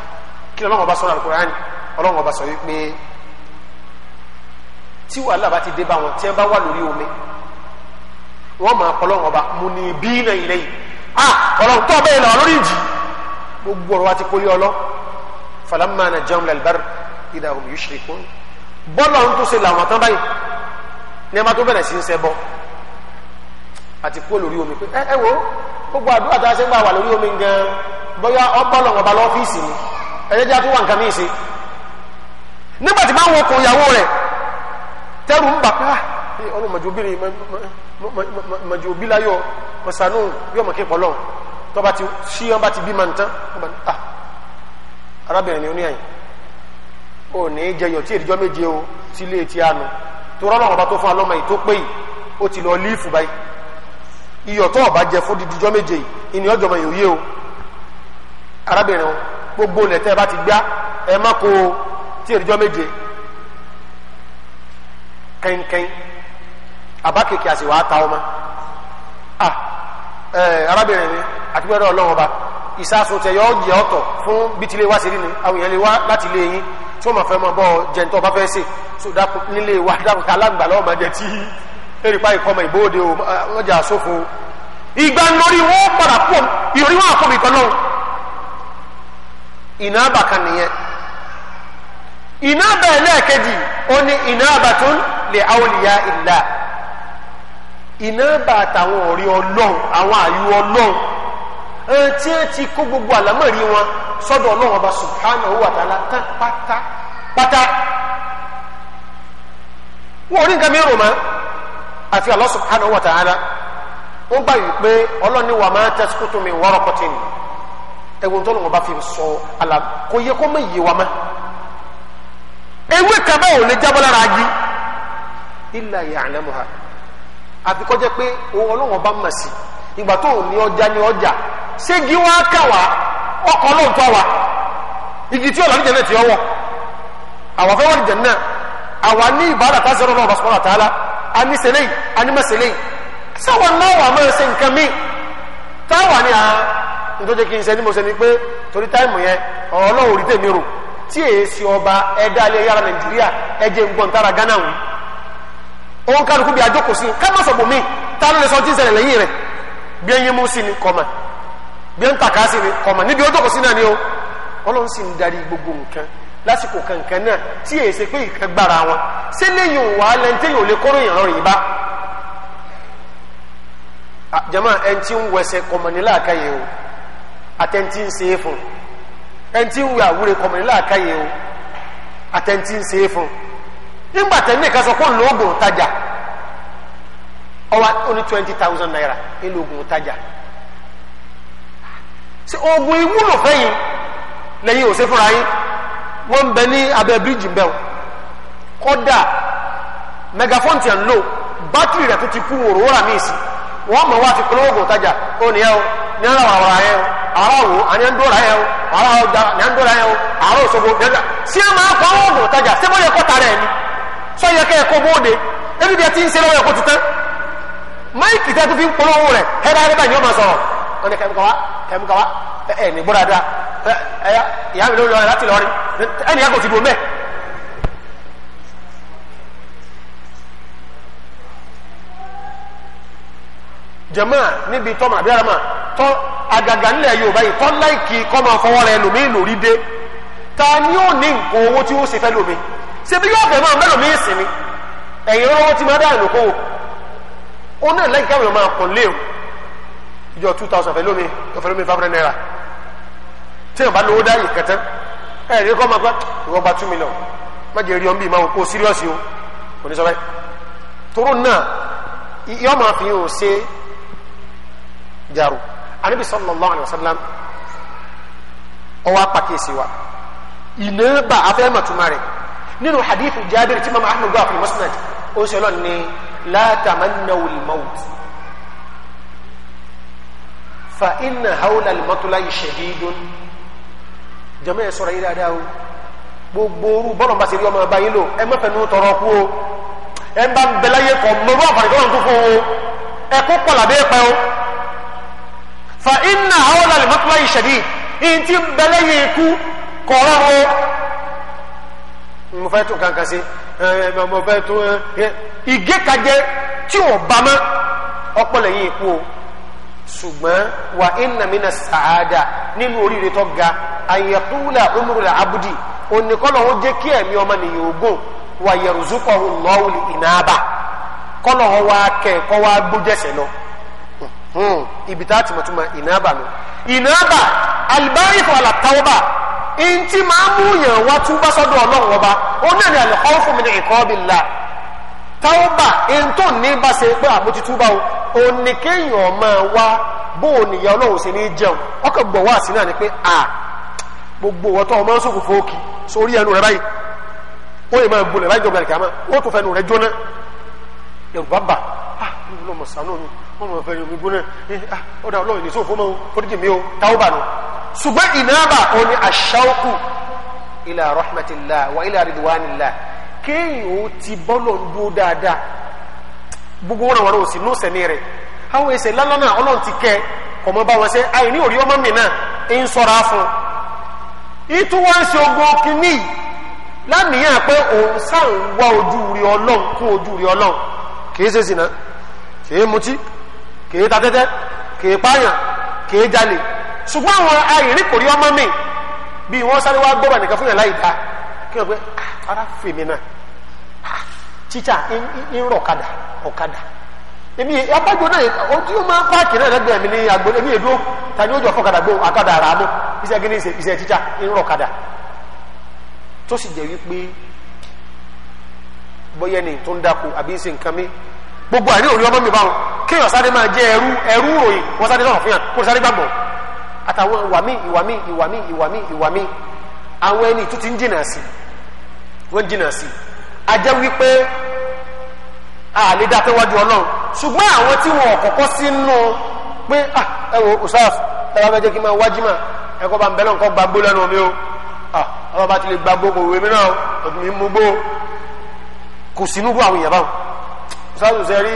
kí ọlọ́run ọba sọ ní alukurani ọlọ́run ọba sọ wípé tí wàhálà bá ti dé bá wọn tí wọn bá wà lórí omi wọn máa kọlọ́run ọba mo ní bí náà ilé yìí ah ọlọ́run tó bẹ́ẹ̀ lọ lórí ìjì gbogbo ọ̀rọ̀ wa ti kó lé ọlọ́ falamma najahum ilal barri idha hum yushrikun bọ́ọ̀lù ọ̀hún tó ṣe làwọn tán báyìí ní àti kó lórí omi pé ẹ wo gbogbo àdúrà tá a ṣe ń gbà wà lórí omi gan bóyá ọgbọ́n lọ́wọ́ ọba lọ́fíìsì ni ẹ̀yẹ́ jẹ́ àtúwà nǹkan mí ṣe nígbà tí máa ń wọkọ̀ ìyàwó rẹ̀ tẹ́rù ń bà pé à ah, eh, ọlọ́mọdé obìnrin mọ̀jẹ̀ òbí láyọ̀ mọ̀sánú yóò mọ̀ kí pọ̀ lọ́wọ́ tó bá ti ṣí ọ́n bá ti bí ma ń tán ah, arábìnrin ni ó ní àyìn ò ní jẹyọ̀ tí èdìjọ́ méje o sílé ti àánú tó rọ́lọ́wọ́ bá tó fún alọ́mọ yìí tó pé yìí ó ti lọ líìfù báyìí iyọ̀ tó ọba jẹ fún dídújọ́ méje yìí ìní ọjọ́ mọ̀ yòóyé o arábìnrin o gbogbo ilẹ̀ tẹ́ ẹ bá ti gbá ẹ má ko tí èdíjọ́ méje kẹ́ńkẹ́ń àbá kèké àti wàá ta ọmọ a ẹ arábìnrin mi àti ọlọ́run ọba ìsásùn tẹ yọ jẹ ọ̀tọ̀ fún bítílé wá sí ni àwọn èèyàn lè wá láti lé yín tí wọ́n máa fẹ́ mọ bọ́ jẹ̀ntọ́ bá fẹ́ sè so dákun nílé wa dákun tá ọmọdé tí erípa ìkọmọ ìbóde o wọ́n jà sófo ìgbà lórí wọ́n padà pọ̀ ìròyìn wọn àkọ́mọ ìkọ́ náà iná àbàkà nìyẹn iná bẹ́ẹ̀ lẹ́ẹ̀kejì ó ní iná àbàtún lè awliya illah iná bá àtàwọn ọ̀rẹ́ ọlọ́run àwọn àyù ọlọ́run ẹn tí ẹ ti kó gbogbo àlámọ̀rí wọn sọ́dọ̀ ọlọ́run ọba subhanahu wa ta'ala tán pátápátá wọn ò ní nǹkan mìíràn mọ́ àfi Allah subhanahu wa ta'ala ó gbà yìí pé ọlọ́ni wà máa tasqutu min waraqatin ẹ̀wọ̀n tó lọ́wọ́ bá fi sọ àlà kò yẹ kó mọ̀ yìí wà má ewé kaba ò lè jábọ́ lára agi illa ya'lamuha àfi kọjá pé ọlọ́wọ́ bá mọ̀ sí ìgbà tó ní ọjà ní ọjà ségi wá kà wá ọkọ̀ lóòótọ́ wa igi tí ọ̀làní jẹ̀ ti ọwọ́ àwọn afẹ́wọ́n jẹ̀ náà àwa ní ìbára tá náà ani sele ani ma sele sáwọn náà wà máa ṣe nǹkan mi táwa ni àá nítorí kí n ṣe ni mo ṣe ni pé torí táìmù yẹn ọlọ́run ò rí tèmi rò tí èyí ṣe ọba ẹ̀dá alẹ́ yàrá nàìjíríà ẹ̀jẹ̀ ń gbọ́n tára ghana wù òun kálukú bí ajókòó sí ká má sọ bòmí tá ló lè sọ tí lẹ́yìn rẹ̀ bí ẹyin mú sí ni kọ̀mà bí ẹn tàkà sí ni kọ̀mà níbi ojókòó sí náà ni o ọlọ́run sì ń darí gbogbo nǹkan lásìkò kankan náà tí èyí pé ìkan wọn ṣé lẹ́yìn òwà lẹ́ntẹ́yìn ò lè kóró ìyànrọ̀ yìí bá jama ẹntì ń wẹsẹ̀ kọmọnìlá àkàyè o àtẹ̀ntì ń ṣe é fún ẹntì ń wẹ àwúre kọmọnìlá o ń ṣe é fún nígbà tẹ̀lé sọ kó ń tajà ọwọ́ twenty thousand naira ń lo tajà ṣe oògùn ìwúlò fẹ́yìn lẹ́yìn òṣèfúnra yín wọ́n ń bẹ ní abẹ́ kódà megaphone ti à ń lò bátìrì rẹ̀ tó ti kú wòrò wòrà míì sí wọ́n mọ̀ wá ti polówó gùn tajà ó ní ẹ o ní ara wà wàrà ẹ o ara wò àní ń dóra ẹ o ara ọjà ní ń dóra ẹ o ara òṣogbo ní ọjà sí ẹ máa kọ́ ọ́ gùn tajà sí bóyá kọ́ta rẹ̀ ni sọ yẹ kẹ́ ẹ kó bóde ebi bí ẹ ti ń ṣe lọ́wọ́ ẹ kó ti tán máìkì tẹ́ tó fi ń polówó rẹ̀ ẹ̀rọ ayélujára ni wọ́n máa sọ̀rọ̀ wọ́n ní kẹ́míkà wá kẹ́míkà wá ẹ̀ ẹ̀ ní bóra dáa jẹ̀mọ́ níbi tọ́mọ àbí arama tọ́ àgàgà nílẹ̀ yorùbá yìí tọ́ láìkì kọ́ máa fọwọ́ rẹ lòmíì lórí dé ta ni ó ní nǹkan owó tí ó ṣe fẹ́ lómi ṣé bí yóò bẹ̀ máa mẹ́lò mí ni ẹ̀yìn olówó ti máa dáhùn lókòwò ó náà láìkì káwọn máa kàn lé o ìjọ two thousand fẹ́ lómi ọ̀fẹ́ lómi five hundred naira tí yóò bá lówó dáyè kẹtẹ́ ẹ̀ rí kọ́ máa gbá ìwọ gba two million má jẹ́ rí ọ bí máa kó síríọ̀sì o kò ní sọ bẹ́ẹ̀ toró náà yọ máa fi hàn ṣe jaru anabi sallallahu alayhi wa sallam ọwọ́ apàkíyèsí wa ìnáàbà afẹ́mọ̀túnmá rẹ̀ nínú hadith jabir tí mama ahmed gbà fún musnad ó ń sọlọ ní la tamannaw al-maut fa inna hawla al-matla shadidun jọmọ ẹ sọ̀rọ̀ yìí dáadáa o gbogbo orú bọ́lọ̀ bá ṣe rí ọmọ ọba yìí lò ẹ má fẹnu tọrọ kú o ẹ bá ń bẹ láyé kọ mọ bá àfàrí kọ́ lọ́n tó fún o ẹ kó pọ̀ làbẹ́ pẹ́ o. fa inna àwọn alìmọ́tòlá yìí ṣẹ̀dí ìyìn tí ń bẹ lẹ́yìn ikú kọ̀ọ̀rọ̀ o mo fẹ́ tún kankan sí mo fẹ́ tún ìgékajẹ tí ò bá mọ́ o ṣùgbọ́n wa inna mina sàádà nínú oríire tó ga àyẹ̀kúlà umrul abudi oníkọ́lọ̀ ó jẹ́ kí ẹ̀mí ọmọ nìyẹn ogún wà yẹrùzúkọ̀ ọ̀hún lọ́wọ́ ìnáàbà kọ́lọ̀ wa kẹ́ kọ́ wa gbójẹ́sẹ̀ lọ. Hmm. ibi tá a ti mọ̀ tún ma ìnáàbà nù ìnáàbà alibáyìfọ àlàtàwọ́bà ntí máa mú yàn wá tún bá sọ́dọ̀ ọlọ́run ọba ó náà ní àlẹ́kọ́ fún mi ní ẹ̀kọ́ bí la tàwọ́bà ntọ́ ní bá ṣe pé àmójútúbà o òní kéèyàn máa wá bóun nìyá ọlọ́run sì ní jẹun ọkọ̀ gbọ̀ wá sí náà ni pé a gbogbo ọ̀tọ̀ ọmọ sókùn fòókì sórí ẹnu rẹ báyìí ó lè máa gbolẹ̀ láì jọba ìkàmá ó tún fẹnu rẹ jóná ẹ̀rù bàbà ah ìwọ lọ́mọ sànú mi wọ́n mọ̀ fẹ́rẹ̀ omi gbóná eh, ah ọ̀dà ọlọ́run ní sóòfó mọ́ oríjì mi ó táwọ́bà nù ṣùgbọ́n ìnáàbà ó ní aṣáókù ilà rahmatillah wa ilà ridwanillah kéèyàn ó ti bọ́lọ̀ ń dúró dáadáa gbogbo wọn àwọn òsì lóòsẹ̀ ní rẹ̀ àwọn èsè lálọ́nà ọlọ́run ti kẹ́ kọ̀mọ́ bá wọn ṣe àìní òrí ọmọ mi náà ń sọ́ra fún un ìtúwọ́nsẹ̀ ogun kìíní lánìyàn pé òun sáà ń wá ojú rí ọlọ́run kún ojú rí ọlọ́run kìí ṣe sìnà kìí mutí kìí ta tẹ́tẹ́ kìí pààyàn kìí jalè ṣùgbọ́n àwọn ayìnrí kò rí ọmọ mi bí wọ́n sáré wá gbọ́bà nìkan fún yàn láì dá kí wọ́n pé ah, ara fèmí náà ah, títà ń rọ̀ ọ̀kadà ọ̀kadà èmi abájọ náà ojú ó máa ń páàkì náà lẹ́gbẹ̀ẹ́ mi ní agbo èmi èdúró tani ó jọ fọ́kadà gbóhùn akadà àràmú iṣẹ́ gíní iṣẹ́ títà ń rọ̀ ọ̀kadà tó sì jẹ́ wípé bóyá ni tó ń dáko àbí ṣe nǹkan mi gbogbo àní òní ọmọ mi báwọn kéèyàn sáré máa jẹ ẹrú ẹrú ròyìn wọn sáré sọ̀rọ̀ fún yàn kó sáré gbàgbọ́ àtàwọn ìwà mi ìwà mi ìwà mi ìwà mi ìwà mi àwọn ẹni tó ti ń jìnà sí wọ́n jìnà sí ajẹ́ wípé àlè dá tẹ́wájú ọlọ́run ṣùgbọ́n àwọn tí wọn ọ̀kọ̀ọ̀kọ́ sí nù pé ẹ wo usaf ẹ bá fẹ́ jẹ́ kí máa wájú mà ẹ kọ́ bá ń bẹ́lẹ̀ nǹkan gbàgbó lẹ́nu mi o ọlọ́ba kò sínú bú àwọn èèyàn báwọn sáàtù sẹ rí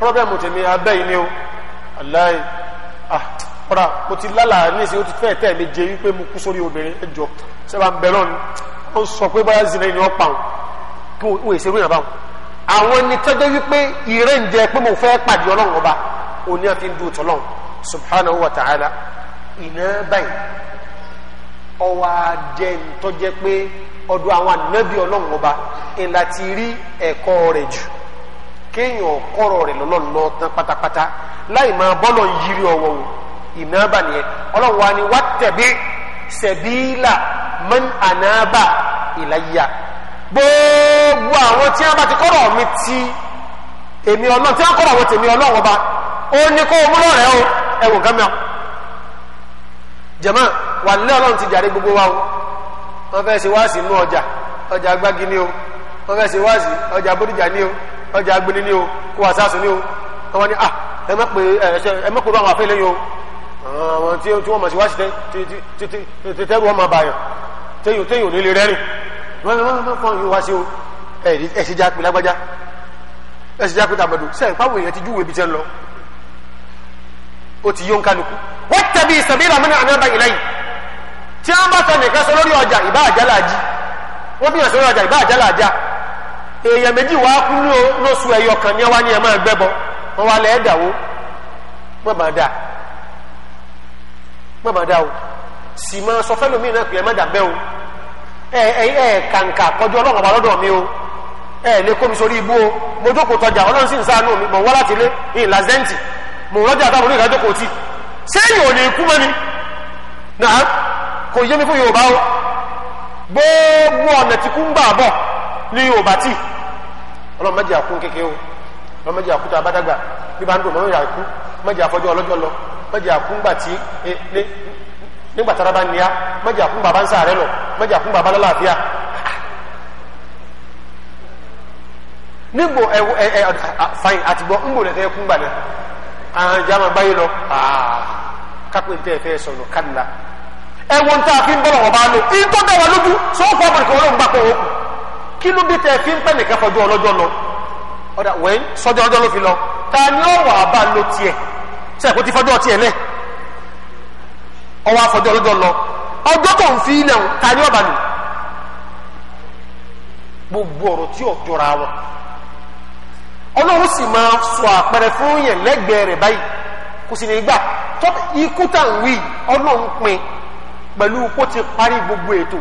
pọ́blẹ́mù tèmi abẹ́ yìí ni ó aláì ah kọ́ra mo ti lálà ní ìsìn ó ti fẹ́ tẹ̀ mi jẹ wípé mo kú sórí obìnrin ẹjọ sẹ́wà ń bẹ̀ lọ́nu ó sọ pé báyà zina ni wọ́n wọn kí wọ́n èsè ròyìn àbáwọn àwọn ni tọ́jọ́ wípé ìrẹ́ ń jẹ pé mo fẹ́ pàdé ọlọ́run ọba òní àfi ń dùn tọ́lọ́run subhanahu wa ta'ala ìná báyìí ọwọ́ adẹ́ ń tọ́jẹ́ pé ọ̀dọ̀ àwọn ànábì ọlọ́run ọba ńlá ti rí ẹ̀kọ́ rẹ̀ jù kéèyàn kọ́rọ̀ rẹ̀ lọ́lọ́lọ́ tán pátápátá láì máa bọ́lọ̀ yiri ọwọ́ o ìnáàbà nìyẹn ọlọ́run wa ni wá tẹ̀bí sẹ̀bíìlà mọ́n ànáàbà ìlàyà gbogbo àwọn tí wọ́n bá ti kọ́rọ̀ mi ti èmi ọlọ́run tí wọ́n kọ́rọ̀ àwọn tèmi ọlọ́run ọba ó ní kó o múlò rẹ̀ o ẹ̀wọ̀n kan mẹ́wọ̀n jẹ̀mọ́ wà lé ọlọ́run ti jàre gbogbo wa o wọ́n fẹ́ ṣe wáàsí inú ọjà ọjà agbági ni o wọ́n fẹ́ ṣe wáàsí ọjà bódìjà ni o ọjà agbeni ni o kó wá sáàsù ni o wọ́n ní ah ẹ má pè ẹ má pè bá àwọn afẹ́ lẹ́yìn o àwọn tí wọ́n mọ̀ sí wáàsí tẹ́tẹ́rù wọn máa bàyàn téyìn téyìn ò ní lè rẹ́rìn wọ́n ní wọ́n fọ́n yóò wá sí o ẹ ṣe já pé lágbájá ẹ ṣe já pé tàbẹ̀dù sẹ́yìn páwọn èèyàn ti júwèé ibi tí a ń bá sẹ́nìkan sọ lórí ọjà ìbá làjì wọ́n bí wọ́n sọ lórí ọjà ìbá àjálàjà èèyàn méjì wá kú lóṣù kan ní ọwá ní ẹ̀ máa gbẹ́bọ wá bá o sì máa sọ fẹ́lómi náà pé ẹ má dà o ẹ ẹ kàǹkà kọjú ọlọ́run lọ́dọ̀ mi o ẹ lè kó mi sórí ibú o mo jókòó tọjà ọlọ́run sì ń sáánú mi mọ̀ wọ́n láti lé rọ́jà kò yé mi fún yorùbá o gbogbo ọ̀nà tí kú ń gbà bọ̀ ní yorùbá tì ọlọ́mọdé àkún kékeré o ọlọ́mọdé àkún tó abádágbà bí bá ń dùn mọ́mọ́dé àkún mọ́dé àfọjọ́ ọlọ́jọ́ lọ mọ́dé àkún gbà tí e, nígbà tára bá níyà mọ́dé àkún bàbá ń sàárẹ̀ lọ mọ́dé àkún bàbá lọ́láàfíà nígbò ẹ ẹ ẹ fain àtìgbọ́ ńgbò lẹ́fẹ̀ẹ́ kún gbà náà àwọn jàmá báyìí lọ kápẹ́ntẹ́ fẹ́ sọ̀rọ̀ kánìlá ẹwọ ntá fi ń bọ̀rọ̀ ọba lò ìtọ́ dá wa lójú sọ́ọ́ fún abọ̀rẹ̀kọ̀ ọlọ́run bá pọ̀ wọ́n kí ló dé tẹ̀ fi ń pẹ́ nìkan fọjọ́ ọlọ́jọ́ lọ ọ̀dà wẹ́n sọ́jọ́ ọlọ́jọ́ ló fi lọ ta ni ó wà bá lo tiẹ̀ sẹ́ẹ̀ kó ti fọjọ́ tiẹ̀ lẹ̀ ọwọ́ afọjọ́ ọlọ́jọ́ lọ ọjọ́ tó ń fi ilẹ̀ ń ta ni ọba lò gbogbo ọ̀rọ̀ tí ò jọra wọn ọlọ́run sì máa sọ àpẹẹrẹ fún yẹn lẹ́gbẹ̀ẹ́ rẹ̀ báyìí kò sì ní gbà ikú tá ń wí ọlọ́run pin pẹ̀lú kó ti parí gbogbo ètò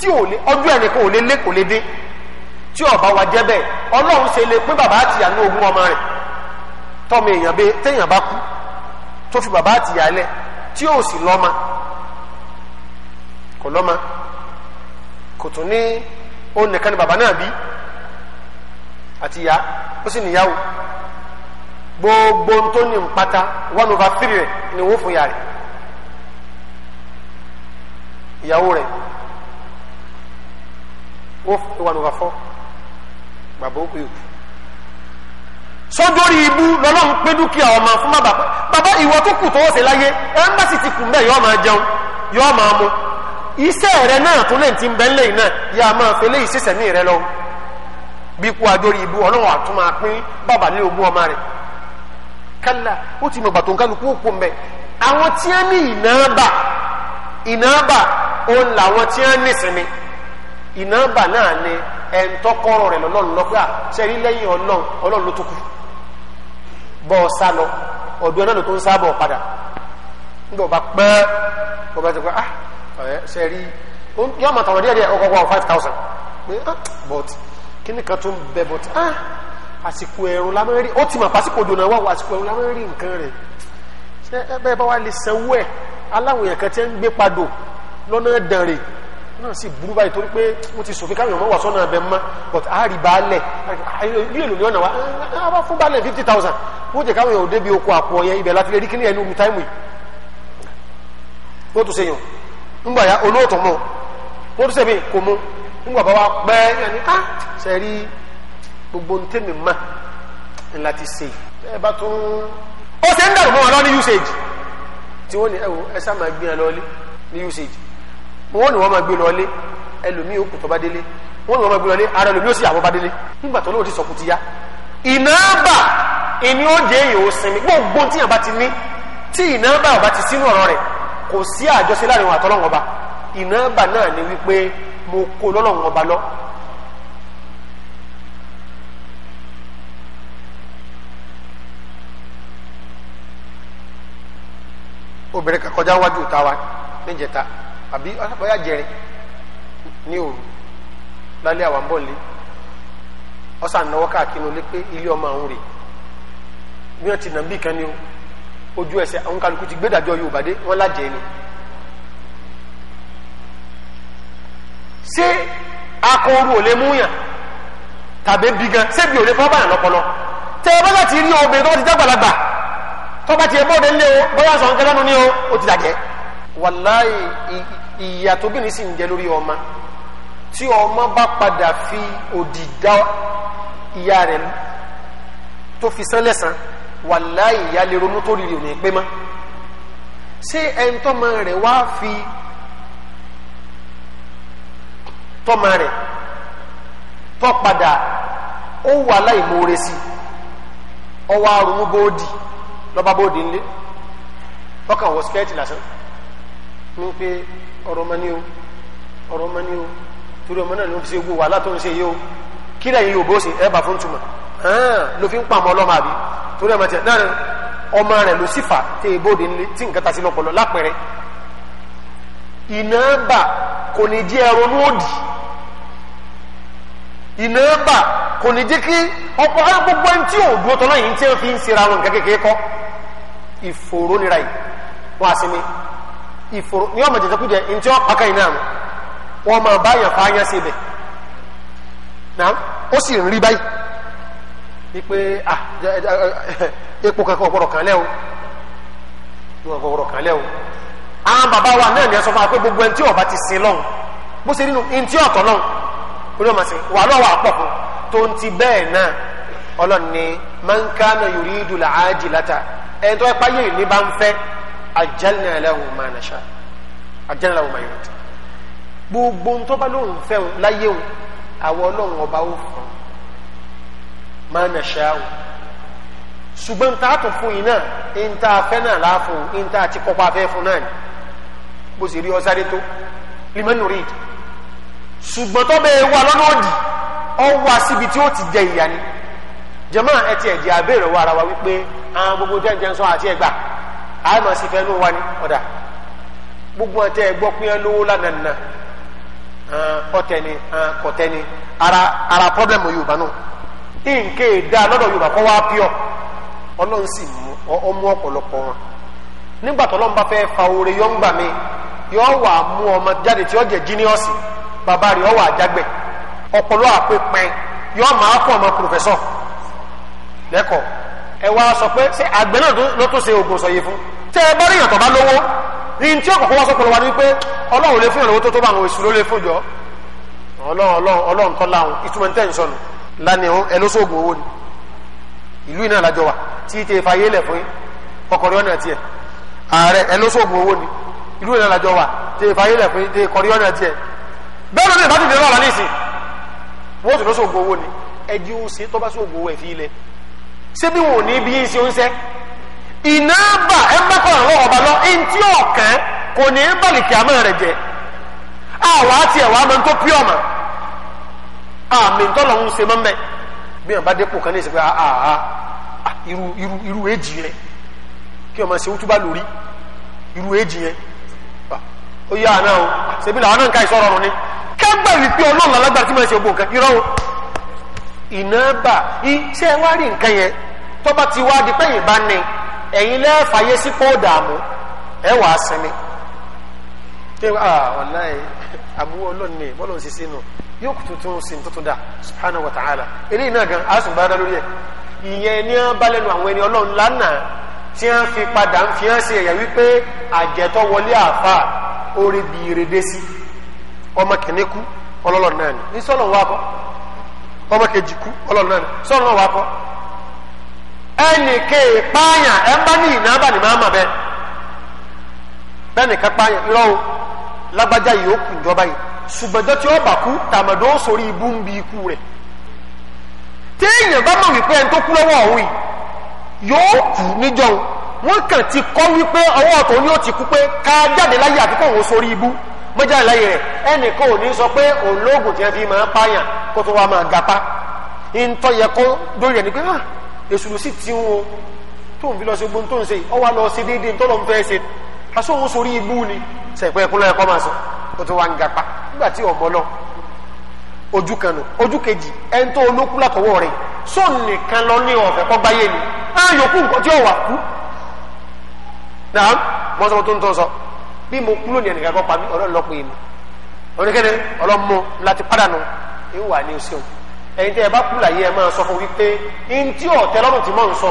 tí ò lé ọdún ẹnìkan ò lé lé kò lé dé tí ọba wa jẹ́ bẹ́ẹ̀ ọlọ́run ṣe lè pé bàbá àtìyà ní ogún ọmọ rẹ̀ tọ́mọ èèyàn bẹ téèyàn bá kú tó fi bàbá àtìyà lẹ̀ tí ò sì lọ́mọ kò lọ́mọ kò tún ní òun nìkan ni bàbá náà bí àtìyà ó sì níyàwó gbogbo tó ní pátá one over three rẹ̀ ni wọ́n fún yàrá ìyàwó rẹ̀ ó wà lóka fọ́ bàbá o kú yòókù sọdọ́rí ibú lọ́lọ́run pé fún ìwọ tó kù tó wọ́sẹ̀ láyé ẹ́mbàsì ti kù mbẹ́ mu náà tún lè ti náà lọ bí kú bàbá ní ogún ọmọ kálá ó ti mọ̀ gbàtò àwọn tí ní ìnáàbà ìnáàbà òun làwọn tí wọ́n nísìnyí ìnáàbà náà ni rẹ̀ lọ́lọ́run lọ́pẹ́ à sẹ́rí lẹ́yìn ọlọ́run ọlọ́run ló tó kù bọ́ ọ sá lọ tó ń sábọ̀ padà nígbà ọba ọba ti ah sẹ́rí yọ ọmọ tàwọn díẹ̀díẹ̀ ọkọ̀ five thousand pé but kíní kan tó ń bẹ but ah àsìkò ẹ̀rùn lámẹ́rì ó ti mà dùn náà wà àsìkò nǹkan ẹ bẹ́ẹ̀ ala èèyàn kan ti ń gbé padò lọ́nà dànrè náà sì burú báyìí torí pé mo ti sòfin káwọn ọmọ wà sọ́nà abẹ mọ́ but baálẹ̀ ọ̀nà wa a bá fún baálẹ̀ fifty thousand wọ́n jẹ́ káwọn àpò ibẹ̀ láti lè rí omi táìmù yìí wọ́n tún ya mọ́ wọ́n tún kò mú bá wa pẹ́ ah, gbogbo ntẹ́mi mọ́ bá tún ó ṣe ń dàrú mọ́ wọn lọ́ tí wọ́n ní ẹ̀wọ̀ ẹ̀sà máa gbé wọn lọ́lé ní usage wọ́n ní wọ́n máa gbé lọ́lé ẹlòmíì òkú tó bá délé wọ́n ní wọ́n máa gbé lọ́lé ara ẹlòmíì ó sì àwọn bá délé nígbà tó lóòótì sọkùn ti ya ìnáàbà ìní ó jẹ́ èèyàn ó sinmi gbogbo tí yàn bá ti ní tí ìnáàbà ọba ti sínú ọ̀rọ̀ rẹ̀ kò sí àjọṣe láàrin wọn àtọ́lọ́wọ́n ọba ìnáàbà náà ni wípé mo kó lọ́lọ́wọ́n ọba lọ obìnrin kan kọjá wájú ìta wa níjẹta àbí bóyá jẹrin ní òru lálẹ́ àwọn bọ́ọ̀lì ọ̀sà náwó káàkiri olé pé ilé ọmọ àwọn rè bí wọ́n ti nà bí kan ní o ojú ẹsẹ̀ àwọn kálukú ti gbẹ́dàjọ́ Yorùbá dé wọ́n lájẹ́ ni. ṣé akọrù ò lè múyàn tàbí bí gan ṣé bí ò lè fọ́ báyà lọ́pọlọ tẹ ẹ bá láti rí obìnrin tó ti dàgbàlagbà tọ́ba tiẹ̀ bóde ńlẹ̀ o bóyá sọ̀rọ̀ nkẹ́lẹ́ nu ni o ó ti dàjẹ́ wàláì ìyà tóbìnrin sì ń jẹ lórí ọmọ tí ọmọ bá padà fi òdì dá ìyá rẹ̀ tó fi sán lẹ́sàn wàláì ìyá lè ronú tó rírì òní pé mọ́ ṣé ẹni tọ́mọ rẹ̀ wá fi tọ́mọ rẹ̀ tọ́ padà ó wà láì mọ̀ọ́rẹ́ sí ọwọ́ arùnúgbòdì lọ́ba bóde ńlẹ̀ ọkàn wọ skẹ́ẹ̀tì lásán ní pé ọ̀rọ̀ ọmọ ni o ọ̀rọ̀ ọmọ ni o torí ọmọ náà ló fi ṣe gbó wàhálà tó ń ṣe yìí o kí lẹ́yìn yóò bó ṣe ẹ bá fún túmọ̀ ló fi ń pàmò ọlọ́mọ àbí torí ọmọ tiẹ̀ náà ọmọ rẹ̀ ló sì fà tẹ ìbóde ńlẹ̀ tí nǹkan ta sí lọ́pọ̀lọ́ lápẹ̀rẹ̀ iná bà kò ní jẹ́ ẹrọnú òdì iná bà kò ní jẹ́ kí ọ̀pọ̀ gbogbo ẹni tí òògùn fi ń ṣe ra wọn kékeré kọ́ ìfòró nira yìí wọ́n á sí ni ìfòró ní ọmọ jẹjẹ kújẹ ní tí wọ́n pàkà yìí náà wọ́n máa bá yàn fáyà sí ibẹ̀ náà ó sì rí báyìí wípé ah epo kankan ọ̀gbọ̀rọ̀ kan lẹ́wọ̀ ọ̀gbọ̀rọ̀ kan lẹ́wọ̀ àwọn bàbá wa náà ní ẹ sọ fún wa pé gbogbo ẹni tí ọba ti sin lọ́hùn bó ṣe nínú ẹni tí ọ̀tọ̀ lọ́hùn ó ní lọ́wọ́ àpọ̀ fún tó ń ti bẹ́ẹ̀ náà ọlọ́ni man kana yuridu al-ajilata ẹni tó ẹ pa yéèyàn ní bá ń fẹ́ ajjalna lahu ma nasha ajjalna lahu ma yurid gbogbo ń tọ́ba lóhùn fẹ́ wọn láyé wọn àwọn ọlọ́run ọba ó fún un ma nasha wọn ṣùgbọ́n tá a tún fún yìí náà ń tá a fẹ́ náà láàfún ń tá a ti kọ́kọ́ afẹ́ fún náà ni bó sì rí ọ sáré tó limanu reed ṣùgbọ́n tọ́bẹ̀ wà lọ́nà òdì ọ wá síbi tí ó ti jẹ ìyá ni. jọma ẹtì ẹdì abéèrè wa ara wa wípé àwọn gbogbo jẹnjẹn sọ àti ẹgbà àmọ́ sí fẹẹ ló wà ní gbogbo ọtẹ ẹgbọ pín ẹ lówó lánàá ara ara pọblẹmù yorùbá náà nké da lọdọ yorùbá kọ wá píọ Ọlọ́run sì mú ọmú wọn nígbà tó fẹ́ fa oore yọ ń gbà mí yọ wà mú ọmọ jáde tí ó jẹ jíníọ̀sì bàbá rẹ̀ ọ lẹ́kọ̀ọ́ ẹ wá sọ pé ṣé àgbẹ̀ náà ló tún ṣe oògùn sọ̀yẹ fún tẹ́ ẹ bá rí ìyàn tó bá lówó ní tí ọkọ̀ kó wá sọ́pọ̀ lọ́wọ́ ni pé ọlọ́run lè fún ìrànlọ́wọ́ tó tó bá àwọn èṣù ló lè fún jọ ọlọ́run ọlọ́run ọlọ́run kọ́ láwọn ìtumọ̀ tẹ́ ń sọnù lánìí ẹ ló sóògùn owó ni ìlú iná làjọ wà tí tẹ fàyè lẹ̀ fún ọkọ̀rí ọ̀nà tiẹ̀ ààrẹ ẹ ló sóògùn owó ni ìlú iná làjọ wà tẹ fàyè lẹ̀ fún tẹ kọ̀rí ọ̀nà tiẹ̀ bẹ́ẹ̀ lóde ìbátìdè lọ́la Sebi bí wọn ò ní bí yín ṣe ń ṣe iná bà ẹ bá kọ́ àwọn ọba lọ ẹni tí ọ̀kan kò ní í bàlì kí a máa rẹ̀ jẹ́ àwa àti ẹ̀wà máa ń tó pí ọ̀mà àmì ń tọ́lọ̀ ń ṣe máa ń bẹ̀ bí wọn bá dépò kan ní ìsìnkú àhà irú irú irú èjì yẹn kí wọn máa ṣe wútúbà lórí irú èjì yẹn ó yá àná o ṣebí làwọn náà ń ká ìsọ̀rọ̀ ọ̀run ni kẹ́gbẹ̀rì pé ọlọ́run alágbára tí máa ṣe ògbó nǹkan irọ́ o. iná bà iṣẹ́ wá rí nǹkan yẹn tó bá ti wá di pẹ́yìn bá ní ẹ̀yin lẹ́ẹ̀fàyè sí pọ́ dààmú ẹ wà á sinmi. ṣé ah wàláyé àbúrò ọlọ́ọ̀ni bọ́lá ń sisi yóò kù tuntun sí tuntun dà subhanahu wa ta'ala gan aṣọ gbára lórí ẹ ìyẹn ni wọn bá lẹnu àwọn ẹni ọlọ́run lánàá tí fi padà ń fi hàn sí ẹ̀yà wípé àjẹtọ́ wọlé ọmọ kejì kú ọlọ́run náà ni sọ́run náà wà kọ́ ẹnì kéè pààyàn ẹ̀ ń bá ní ìná bá ní máa mà bẹ́ẹ̀ bẹ́ẹ̀ nìkan pààyàn irọ́ o lágbájá yìí ó kù ìjọba yìí ṣùgbọ́njọ́ tí ó bà kú tàmọ̀dọ́ ó sórí ibú ń bi ikú rẹ̀ téèyàn bá mọ̀ wípé ẹni tó kú lọ́wọ́ ọ̀hún yìí yóò kú níjọ́ wọn kàn ti kọ́ wípé ọwọ́ ọ̀tọ̀ ni ó ti kú pé ká jáde láyé àbíkọ̀ òun sórí ibú mọ́jà láyé rẹ̀ ẹnì kan ò ní sọ pé òun lóògùn tí wọ́n fi máa pààyàn kó tó wá máa gapá ntọ́ yẹ kó dórí rẹ̀ ni pé ah èṣù ló sì ti ń wo tó ń fi lọ sí ogun tó ń ṣe ọ wá lọ sí déédéé tó lọ ń fẹ́ ṣe aṣọ òun sórí ibú ni sẹ̀pẹ́ ẹ̀kún lọ́yẹ̀ kọ́ máa sọ kó tó wá ń gapá nígbà tí ọ̀mọ́ lọ ojú kan nù ojú kejì ẹni tó olókùn látọwọ́ rẹ̀ sọ́ọ̀n nìkan lọ ní ọ̀fẹ́ kọ́ gbáyé ni á yòókù nǹkan tí ó wà kú bí mo kúrò ní ẹnìkan kọ́ pa mí ọlọ́run lọ́pọ̀ èmi oníkẹ́ni ọlọ́mọ láti pàdánù ẹ wà ní oṣù ẹ̀yin tẹ́ ẹ bá kú láyé ẹ máa sọ fún wípé ẹni tí ọ̀tẹ́ lọ́rùn tí mò ń sọ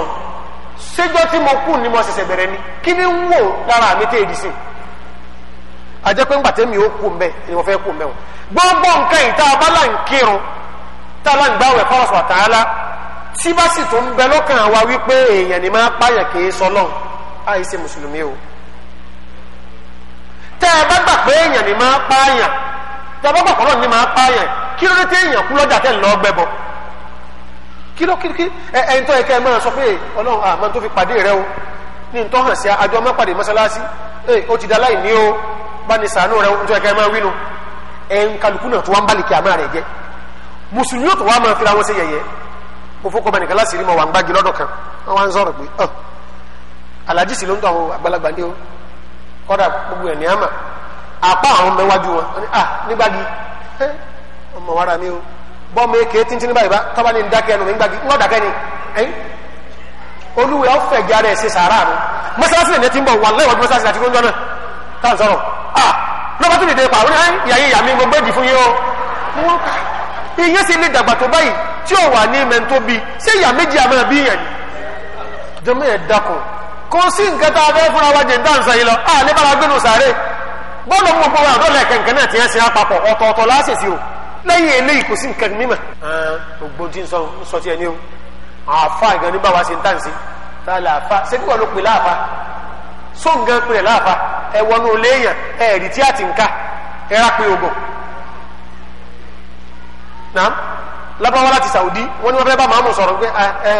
ṣéjọ́ tí mo kú ni mo ṣẹ̀ṣẹ̀ bẹ̀rẹ̀ ni kí ni ń wò lára mi tẹ́ èdè sí i àjẹ́ pé ńgbà tẹ́mi ó kú mbẹ́ ni wọ́n fẹ́ kú mbẹ́ wọn gbogbo nǹkan yìí tá a bá là ń kírun tá a là ń gbáwẹ̀ fọlọ́sọ̀ àtàlá tí bá sì tún ń bẹ lọ́kàn wa wípé èèyàn ni máa pààyàn kì í sọ lọ́hùn àìsí mùsùlùmí o tẹ́ ẹ bá gbà pé èèyàn ni máa pààyàn tẹ́ ẹ bá gbà pé ọlọ́run ni máa pààyàn kí ló dé tí èèyàn kú lọ́jà tẹ́ ń lọ gbẹ bọ kí ló kí kí ẹ ẹ ń tọ́ ẹ kẹ́ ẹ máa sọ pé ọlọ́run àmọ́ tó fi pàdé rẹ o ní ntọ́ hàn sí àjọ mọ́pàdé mọ́sálásí ẹ ó ti da láì ní o bá ní sàánú rẹ ń tọ́ ẹ kẹ́ ẹ máa wínu ẹ ń kálukú náà tó wá ń bálẹ̀ kí a máa mùsùlùmí yóò tó wá máa kọ́dà gbogbo ẹ̀ ní àmà apá àwọn mẹ́wájú wọn wọn ni ah nígbàgì ẹ ọmọ wàrà mi o bọ́ọ̀mù èké títí nígbà ìbá tọ́ba ní dákẹ́ ẹnu mi nígbàgì ńlọ dákẹ́ ni ẹ̀yìn olúwẹ̀ ọ̀fẹ́ jáde ẹ̀ ṣe sàárà mi mọ́sálásí lè ní ti ń bọ̀ wà lẹ́wọ̀n mọ́sálásí àti gbọ́njọ́ náà táwọn sọ̀rọ̀ ah lọ́ba tó lè dé pa àwọn ẹ̀ ìyàyé ìyàmí gbogbo èdè fún yín o iye sì lè dàgbà tó báyìí ni jọmọ́ ẹ̀ kò sí nǹkan tá a fẹ́ fúnra wa jẹ dáǹsà yìí lọ a ní bára gbénu sáré bọ́ọ̀lù mú gbogbo àwọn ọ̀dọ́lẹ̀ kẹ̀kẹ́ náà ti ń sin apapọ̀ ọ̀tọ̀ọ̀tọ̀ láṣẹ̀sì o lẹ́yìn eléyìí kò sí nǹkan mímọ̀. ògbó tí ń sọ ń sọ tiẹ̀ ní o àfa ìgan ní báwa ṣe ń tàǹsí tá a làáfa ṣé kí wọ́n ló pè láàfa só nǹkan pè láàfa ẹ wọnú léèyàn ẹ rí tí a ti ń ká ẹ rà pé ogun. nàám lábáwá láti Saudi wọ́n ní wọ́n fẹ́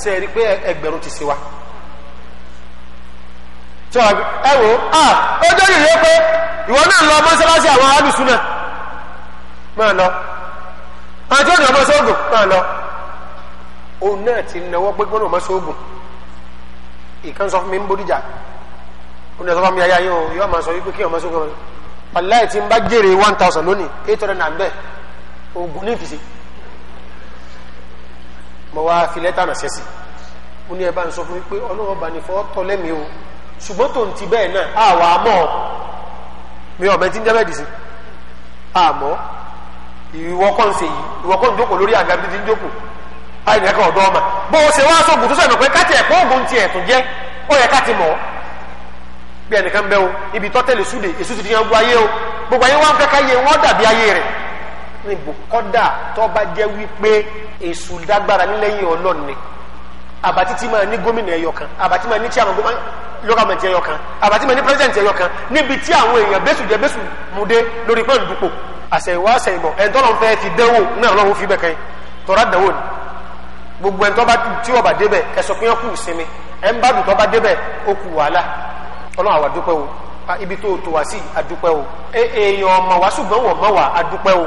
ṣe é pé ti wa tí ẹ wò á ó jẹ́ ìrírí pé ìwọ náà lọ mọ́sálásí àwọn alùsùn náà máa lọ àwọn tí máa lọ òun náà ti náwó pé gbọ́dọ̀ mọ́sọ́gùn ìkan sọ fún mi ń sọ wípé kí ọmọ mo wá fi lẹ́tà náà ṣẹ́sì mo ní ẹ bá ń sọ fún mi pé ọlọ́wọ́ bá ní fọwọ́ tọ́ lẹ́mìí o ṣùgbọ́n tó ń ti bẹ́ẹ̀ náà àwọ̀ àmọ́ mi ọ̀bẹ tí ń jẹ́ bẹ́ẹ̀ dì sí àmọ́ ìwọ́kọ́ ń ṣe yìí ìwọ́kọ́ ń jókòó lórí àga bíi ń jókòó àìníkà ọ̀dọ́ ọmọ bó o ṣe wá sóògùn tó sọ̀rọ̀ pé káti ẹ̀kọ́ ògùn tiẹ̀ tún jẹ́ ó yẹ káti mọ̀ bí ẹnìkan bẹ́ o ibi tọ́tẹ̀lẹ̀ súde èso ti di yan gbogbo ayé o gbogbo ayé wọn fẹ́ ká yé wọn dàbí ayé rẹ̀ níbo kọ́dà tó bá jẹ́ wípé èṣù dágbára nílẹ̀yìn ọlọ́run ni àbátí tí máa ní gómìnà ẹyọ kan àbátí máa ní tí àwọn gómìnà lọ́gàmẹ̀tì ẹyọ kan àbátí máa ní pírẹsidẹ̀ntì ẹyọ kan níbi tí àwọn èèyàn bẹ́sù jẹ́ bẹ́sù múdé lórí pẹ́ẹ́n dupò àṣẹ̀wá àṣẹ̀yìnbọ̀ ẹ̀ń tọ́lọ́ fẹ́ fi dánwò náà lọ́wọ́ fi bẹ́ẹ̀ kan tọ́ra dánwò ni gbogbo ẹ̀ń tọ́ba tí ọba débẹ̀ ẹ̀sọ́ pé ọkù sinmi ẹ̀ ń bá dùn tọ́ba débẹ̀ ó kù wàhálà ọlọ́run àwa dúpẹ́ o ibi tó o tó wá sí àdúpẹ́ o èèyàn ọmọ wa ṣùgbọ́n wọ̀ mọ́ wa àdúpẹ́ o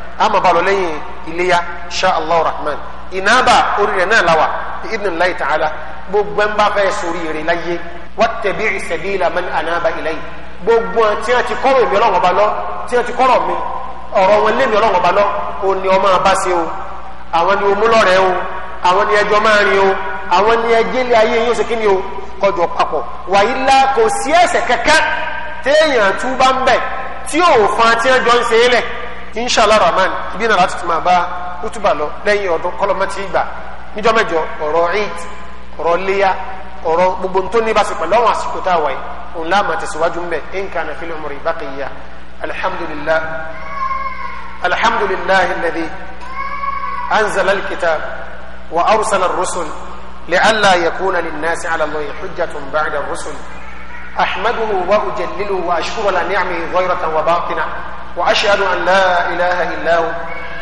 ama balọ lẹ́yìn iléya sha allah rahman ìnáàbà orí rẹ̀ náà lawa idhnillahi ta'ala gbogbo ẹn bá fẹ́ sori rẹ̀ láyé wattabi' sabila man anaba ilayhi gbogbo ẹn tí wọ́n ti kọ́rọ̀ mi ọlọ́wọ́ ba lọ tí wọ́n ti kọ́rọ̀ mi ọ̀rọ̀ wọn lé mi ọlọ́wọ́ ba lọ òní ọmọ abáṣe o àwọn ni omúlọ̀rẹ́ o àwọn ni ẹjọ́ máa rin o àwọn ni ẹjẹ́lẹ̀ ayé yóò ṣe kíni o kọjọ papọ̀ wàyí la kò sí ẹ̀ṣẹ̀ kẹ́kẹ́ téèyàn tú ń bẹ̀ tí òòfàn tí wọ́n jọ ń ṣe é lẹ̀ inshallah rahman ibi náà láti máa bá kútùbà lọ lẹ́yìn ọdún kọlọmọtì ìgbà níjọ́ mẹ́jọ ọ̀rọ̀ eid ọ̀rọ̀ léyà ọ̀rọ̀ gbogbo tó ní bá sì pẹ̀lú àwọn àsìkò tá a wáyé òun láà máa tẹ̀síwájú ń bẹ̀ in kana fil umri baqiya alhamdulillah alhamdulillah alladhi anzala alkitab wa arsala ar-rusul لئلا يكون للناس على الله حجة بعد الرسل أحمده وأجلله وأشكر على نعمه ظاهرة وباطنة وأشهد أن لا إله إلا هو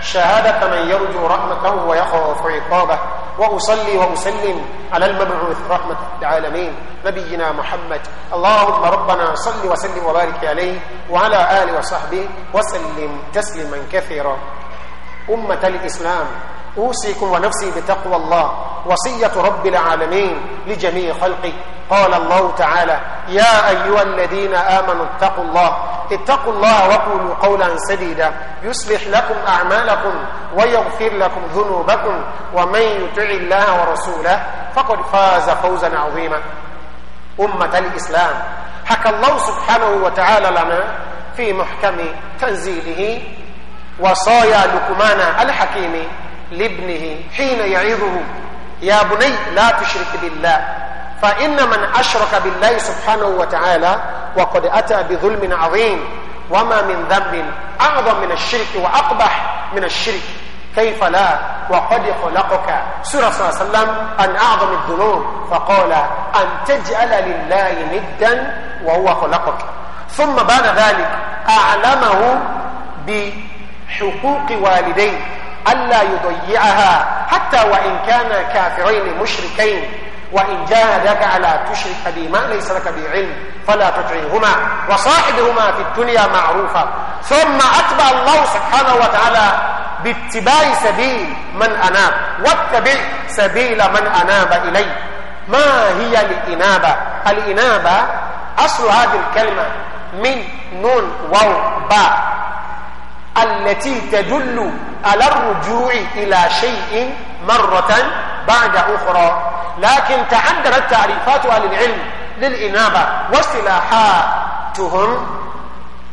شهادة من يرجو رحمته ويخاف عقابه وأصلي وأسلم على المبعوث رحمة العالمين نبينا محمد اللهم ربنا صل وسلم وبارك عليه وعلى آله وصحبه وسلم تسليما كثيرا أمة الإسلام أوصيكم ونفسي بتقوى الله وصية رب العالمين لجميع خلقه قال الله تعالى يا أيها الذين آمنوا اتقوا الله اتقوا الله وقولوا قولا سديدا يصلح لكم أعمالكم ويغفر لكم ذنوبكم ومن يطع الله ورسوله فقد فاز فوزا عظيما أمة الإسلام حكى الله سبحانه وتعالى لنا في محكم تنزيله وصايا لكمان الحكيم لابنه حين يعظه يا بني لا تشرك بالله فإن من أشرك بالله سبحانه وتعالى وقد أتى بظلم عظيم وما من ذنب أعظم من الشرك وأقبح من الشرك كيف لا وقد خلقك سورة صلى الله عليه وسلم أن أعظم الذنوب فقال أن تجعل لله ندا وهو خلقك ثم بعد ذلك أعلمه بحقوق والديه ألا يضيعها حتى وإن كان كافرين مشركين وإن جاهدك على تشرك بي ما ليس لك بعلم فلا تطعهما وصاحبهما في الدنيا معروفا ثم أتبع الله سبحانه وتعالى باتباع سبيل من أناب واتبع سبيل من أناب إلي ما هي الإنابة الإنابة أصل هذه الكلمة من نون وباء التي تدل على الرجوع إلى شيء مرة بعد أخرى لكن تعدلت تعريفات أهل العلم للإنابة واصطلاحاتهم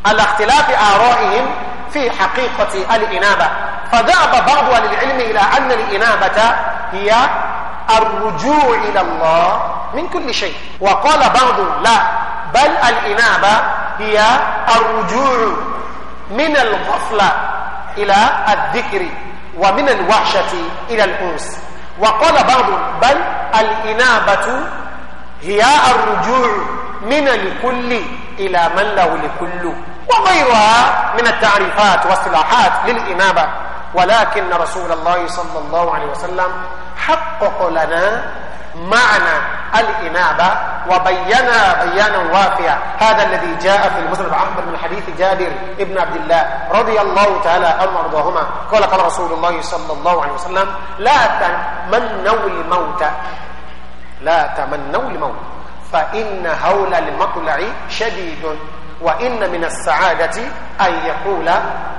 على اختلاف آرائهم في حقيقة الإنابة فذهب بعض أهل العلم إلى أن الإنابة هي الرجوع إلى الله من كل شيء وقال بعض لا بل الإنابة هي الرجوع من الغفلة إلى الذكر ومن الوحشة إلى الأنس وقال بعض بل الإنابة هي الرجوع من الكل إلى من له الكل وغيرها من التعريفات والصلاحات للإنابة ولكن رسول الله صلى الله عليه وسلم حقق لنا معنى الإنابة وبينا بيانا وافيا هذا الذي جاء في المسند عمر من حديث جابر ابن عبد الله رضي الله تعالى عنه قال قال رسول الله صلى الله عليه وسلم لا تمنوا الموت لا تمنوا الموت فإن هول المطلع شديد وإن من السعادة أن يقول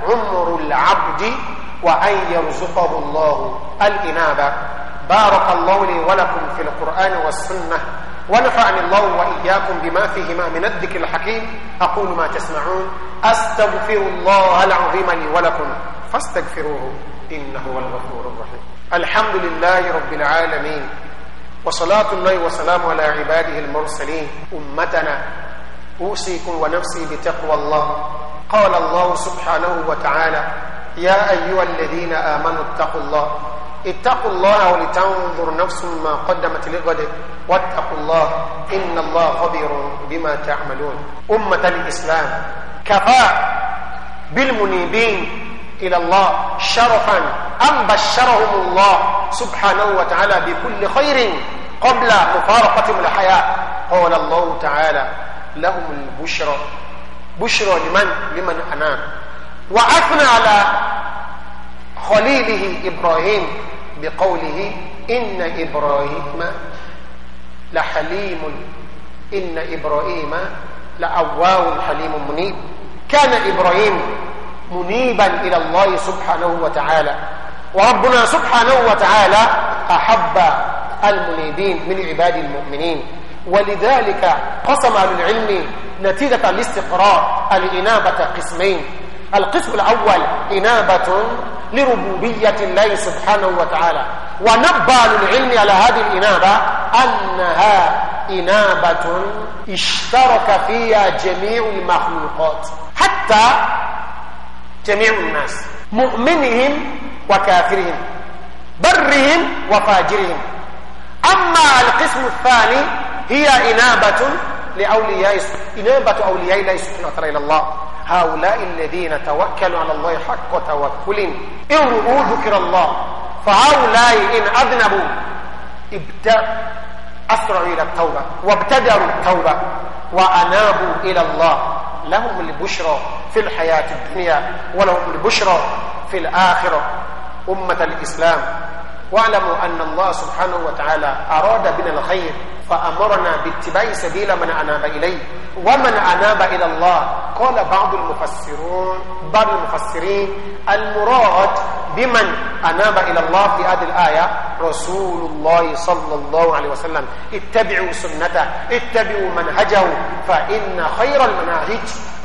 عمر العبد وأن يرزقه الله الإنابة بارك الله لي ولكم في القرآن والسنة ونفعني الله وإياكم بما فيهما من الذكر الحكيم أقول ما تسمعون أستغفر الله العظيم لي ولكم فاستغفروه إنه هو الغفور الرحيم الحمد لله رب العالمين وصلاة الله وسلام على عباده المرسلين أمتنا أوصيكم ونفسي بتقوى الله قال الله سبحانه وتعالى يا أيها الذين آمنوا اتقوا الله اتقوا الله ولتنظر نفس ما قدمت لغد واتقوا الله إن الله خبير بما تعملون أمة الإسلام كفاء بالمنيبين إلى الله شرفا أم بشرهم الله سبحانه وتعالى بكل خير قبل مفارقتهم الحياة قال الله تعالى لهم البشرى بشرى لمن لمن أنام وأثنى على خليله إبراهيم بقوله إن إبراهيم لحليم إن إبراهيم لأواه حليم منيب كان إبراهيم منيبا إلى الله سبحانه وتعالى وربنا سبحانه وتعالى أحب المنيبين من عباد المؤمنين ولذلك قسم أهل العلم نتيجة الاستقراء الإنابة قسمين القسم الأول إنابة لربوبية الله سبحانه وتعالى ونبى للعلم على هذه الإنابة أنها إنابة اشترك فيها جميع المخلوقات حتى جميع الناس مؤمنهم وكافرهم برهم وفاجرهم أما القسم الثاني هي إنابة لأوليائه إنابة أولياء الله سبحانه وتعالى إلى الله هؤلاء الذين توكلوا على الله حق توكل إن رؤوا ذكر الله فهؤلاء إن أذنبوا ابتأ أسرعوا إلى التوبة وابتدروا التوبة وأنابوا إلى الله لهم البشرى في الحياة الدنيا ولهم البشرى في الآخرة أمة الإسلام واعلموا أن الله سبحانه وتعالى أراد بنا الخير فأمرنا باتباع سبيل من أناب إليه ومن أناب إلى الله قال بعض المفسرون بعض المفسرين المراد بمن أناب إلى الله في هذه الآية رسول الله صلى الله عليه وسلم اتبعوا سنته اتبعوا منهجه فإن خير المناهج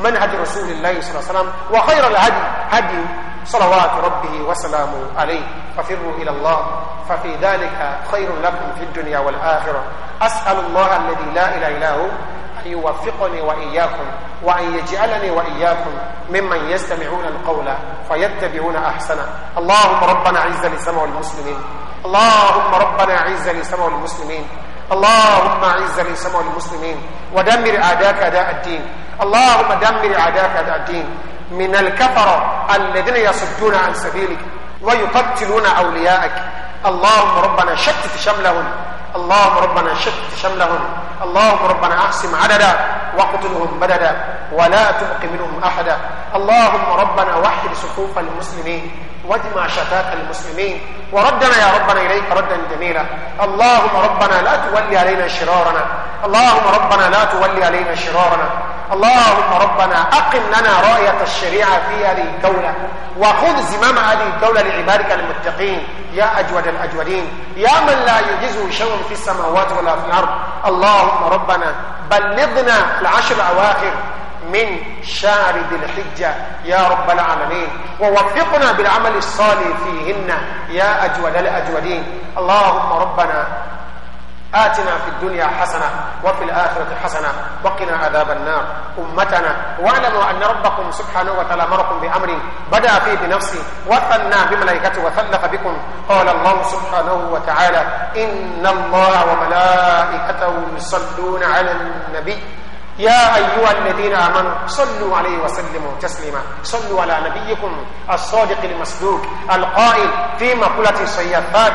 منهج رسول الله صلى الله عليه وسلم وخير الهدي هدي صلوات ربه وسلامه عليه ففروا إلى الله ففي ذلك خير لكم في الدنيا والآخرة أسأل الله الذي لا إله إلا هو أن يوفقني وإياكم وأن يجعلني وإياكم ممن يستمعون القول فيتبعون أحسنه اللهم ربنا عز لسمع المسلمين اللهم ربنا عز لسمع المسلمين اللهم عز لسمع المسلمين ودمر أعداك أداء الدين اللهم دمر أعداك أداء الدين من الكفرة الذين يصدون عن سبيلك ويقتلون أولياءك اللهم ربنا شتت شملهم اللهم ربنا شتت شملهم اللهم ربنا احسم عددا واقتلهم بددا ولا تبق منهم احدا اللهم ربنا وحد صفوف المسلمين واجمع شتات المسلمين وردنا يا ربنا اليك ردا جميلا اللهم ربنا لا تولي علينا شرارنا اللهم ربنا لا تولي علينا شرارنا اللهم ربنا أقم لنا راية الشريعة في هذه الدولة وخذ زمام هذه الدولة لعبادك المتقين يا أجود الأجودين يا من لا يجزه شيء في السماوات ولا في الأرض اللهم ربنا بلغنا العشر الأواخر من شهر ذي الحجة يا رب العالمين ووفقنا بالعمل الصالح فيهن يا أجود الأجودين اللهم ربنا آتنا في الدنيا حسنة وفي الآخرة حسنة وقنا عذاب النار أمتنا واعلموا أن ربكم سبحانه وتعالى أمركم بأمر بدأ فيه بنفسه وثنى بملائكته وثلث بكم قال الله سبحانه وتعالى إن الله وملائكته يصلون على النبي يا أيها الذين آمنوا صلوا عليه وسلموا تسليما صلوا على نبيكم الصادق المصدوق القائل في مقولة الصيحة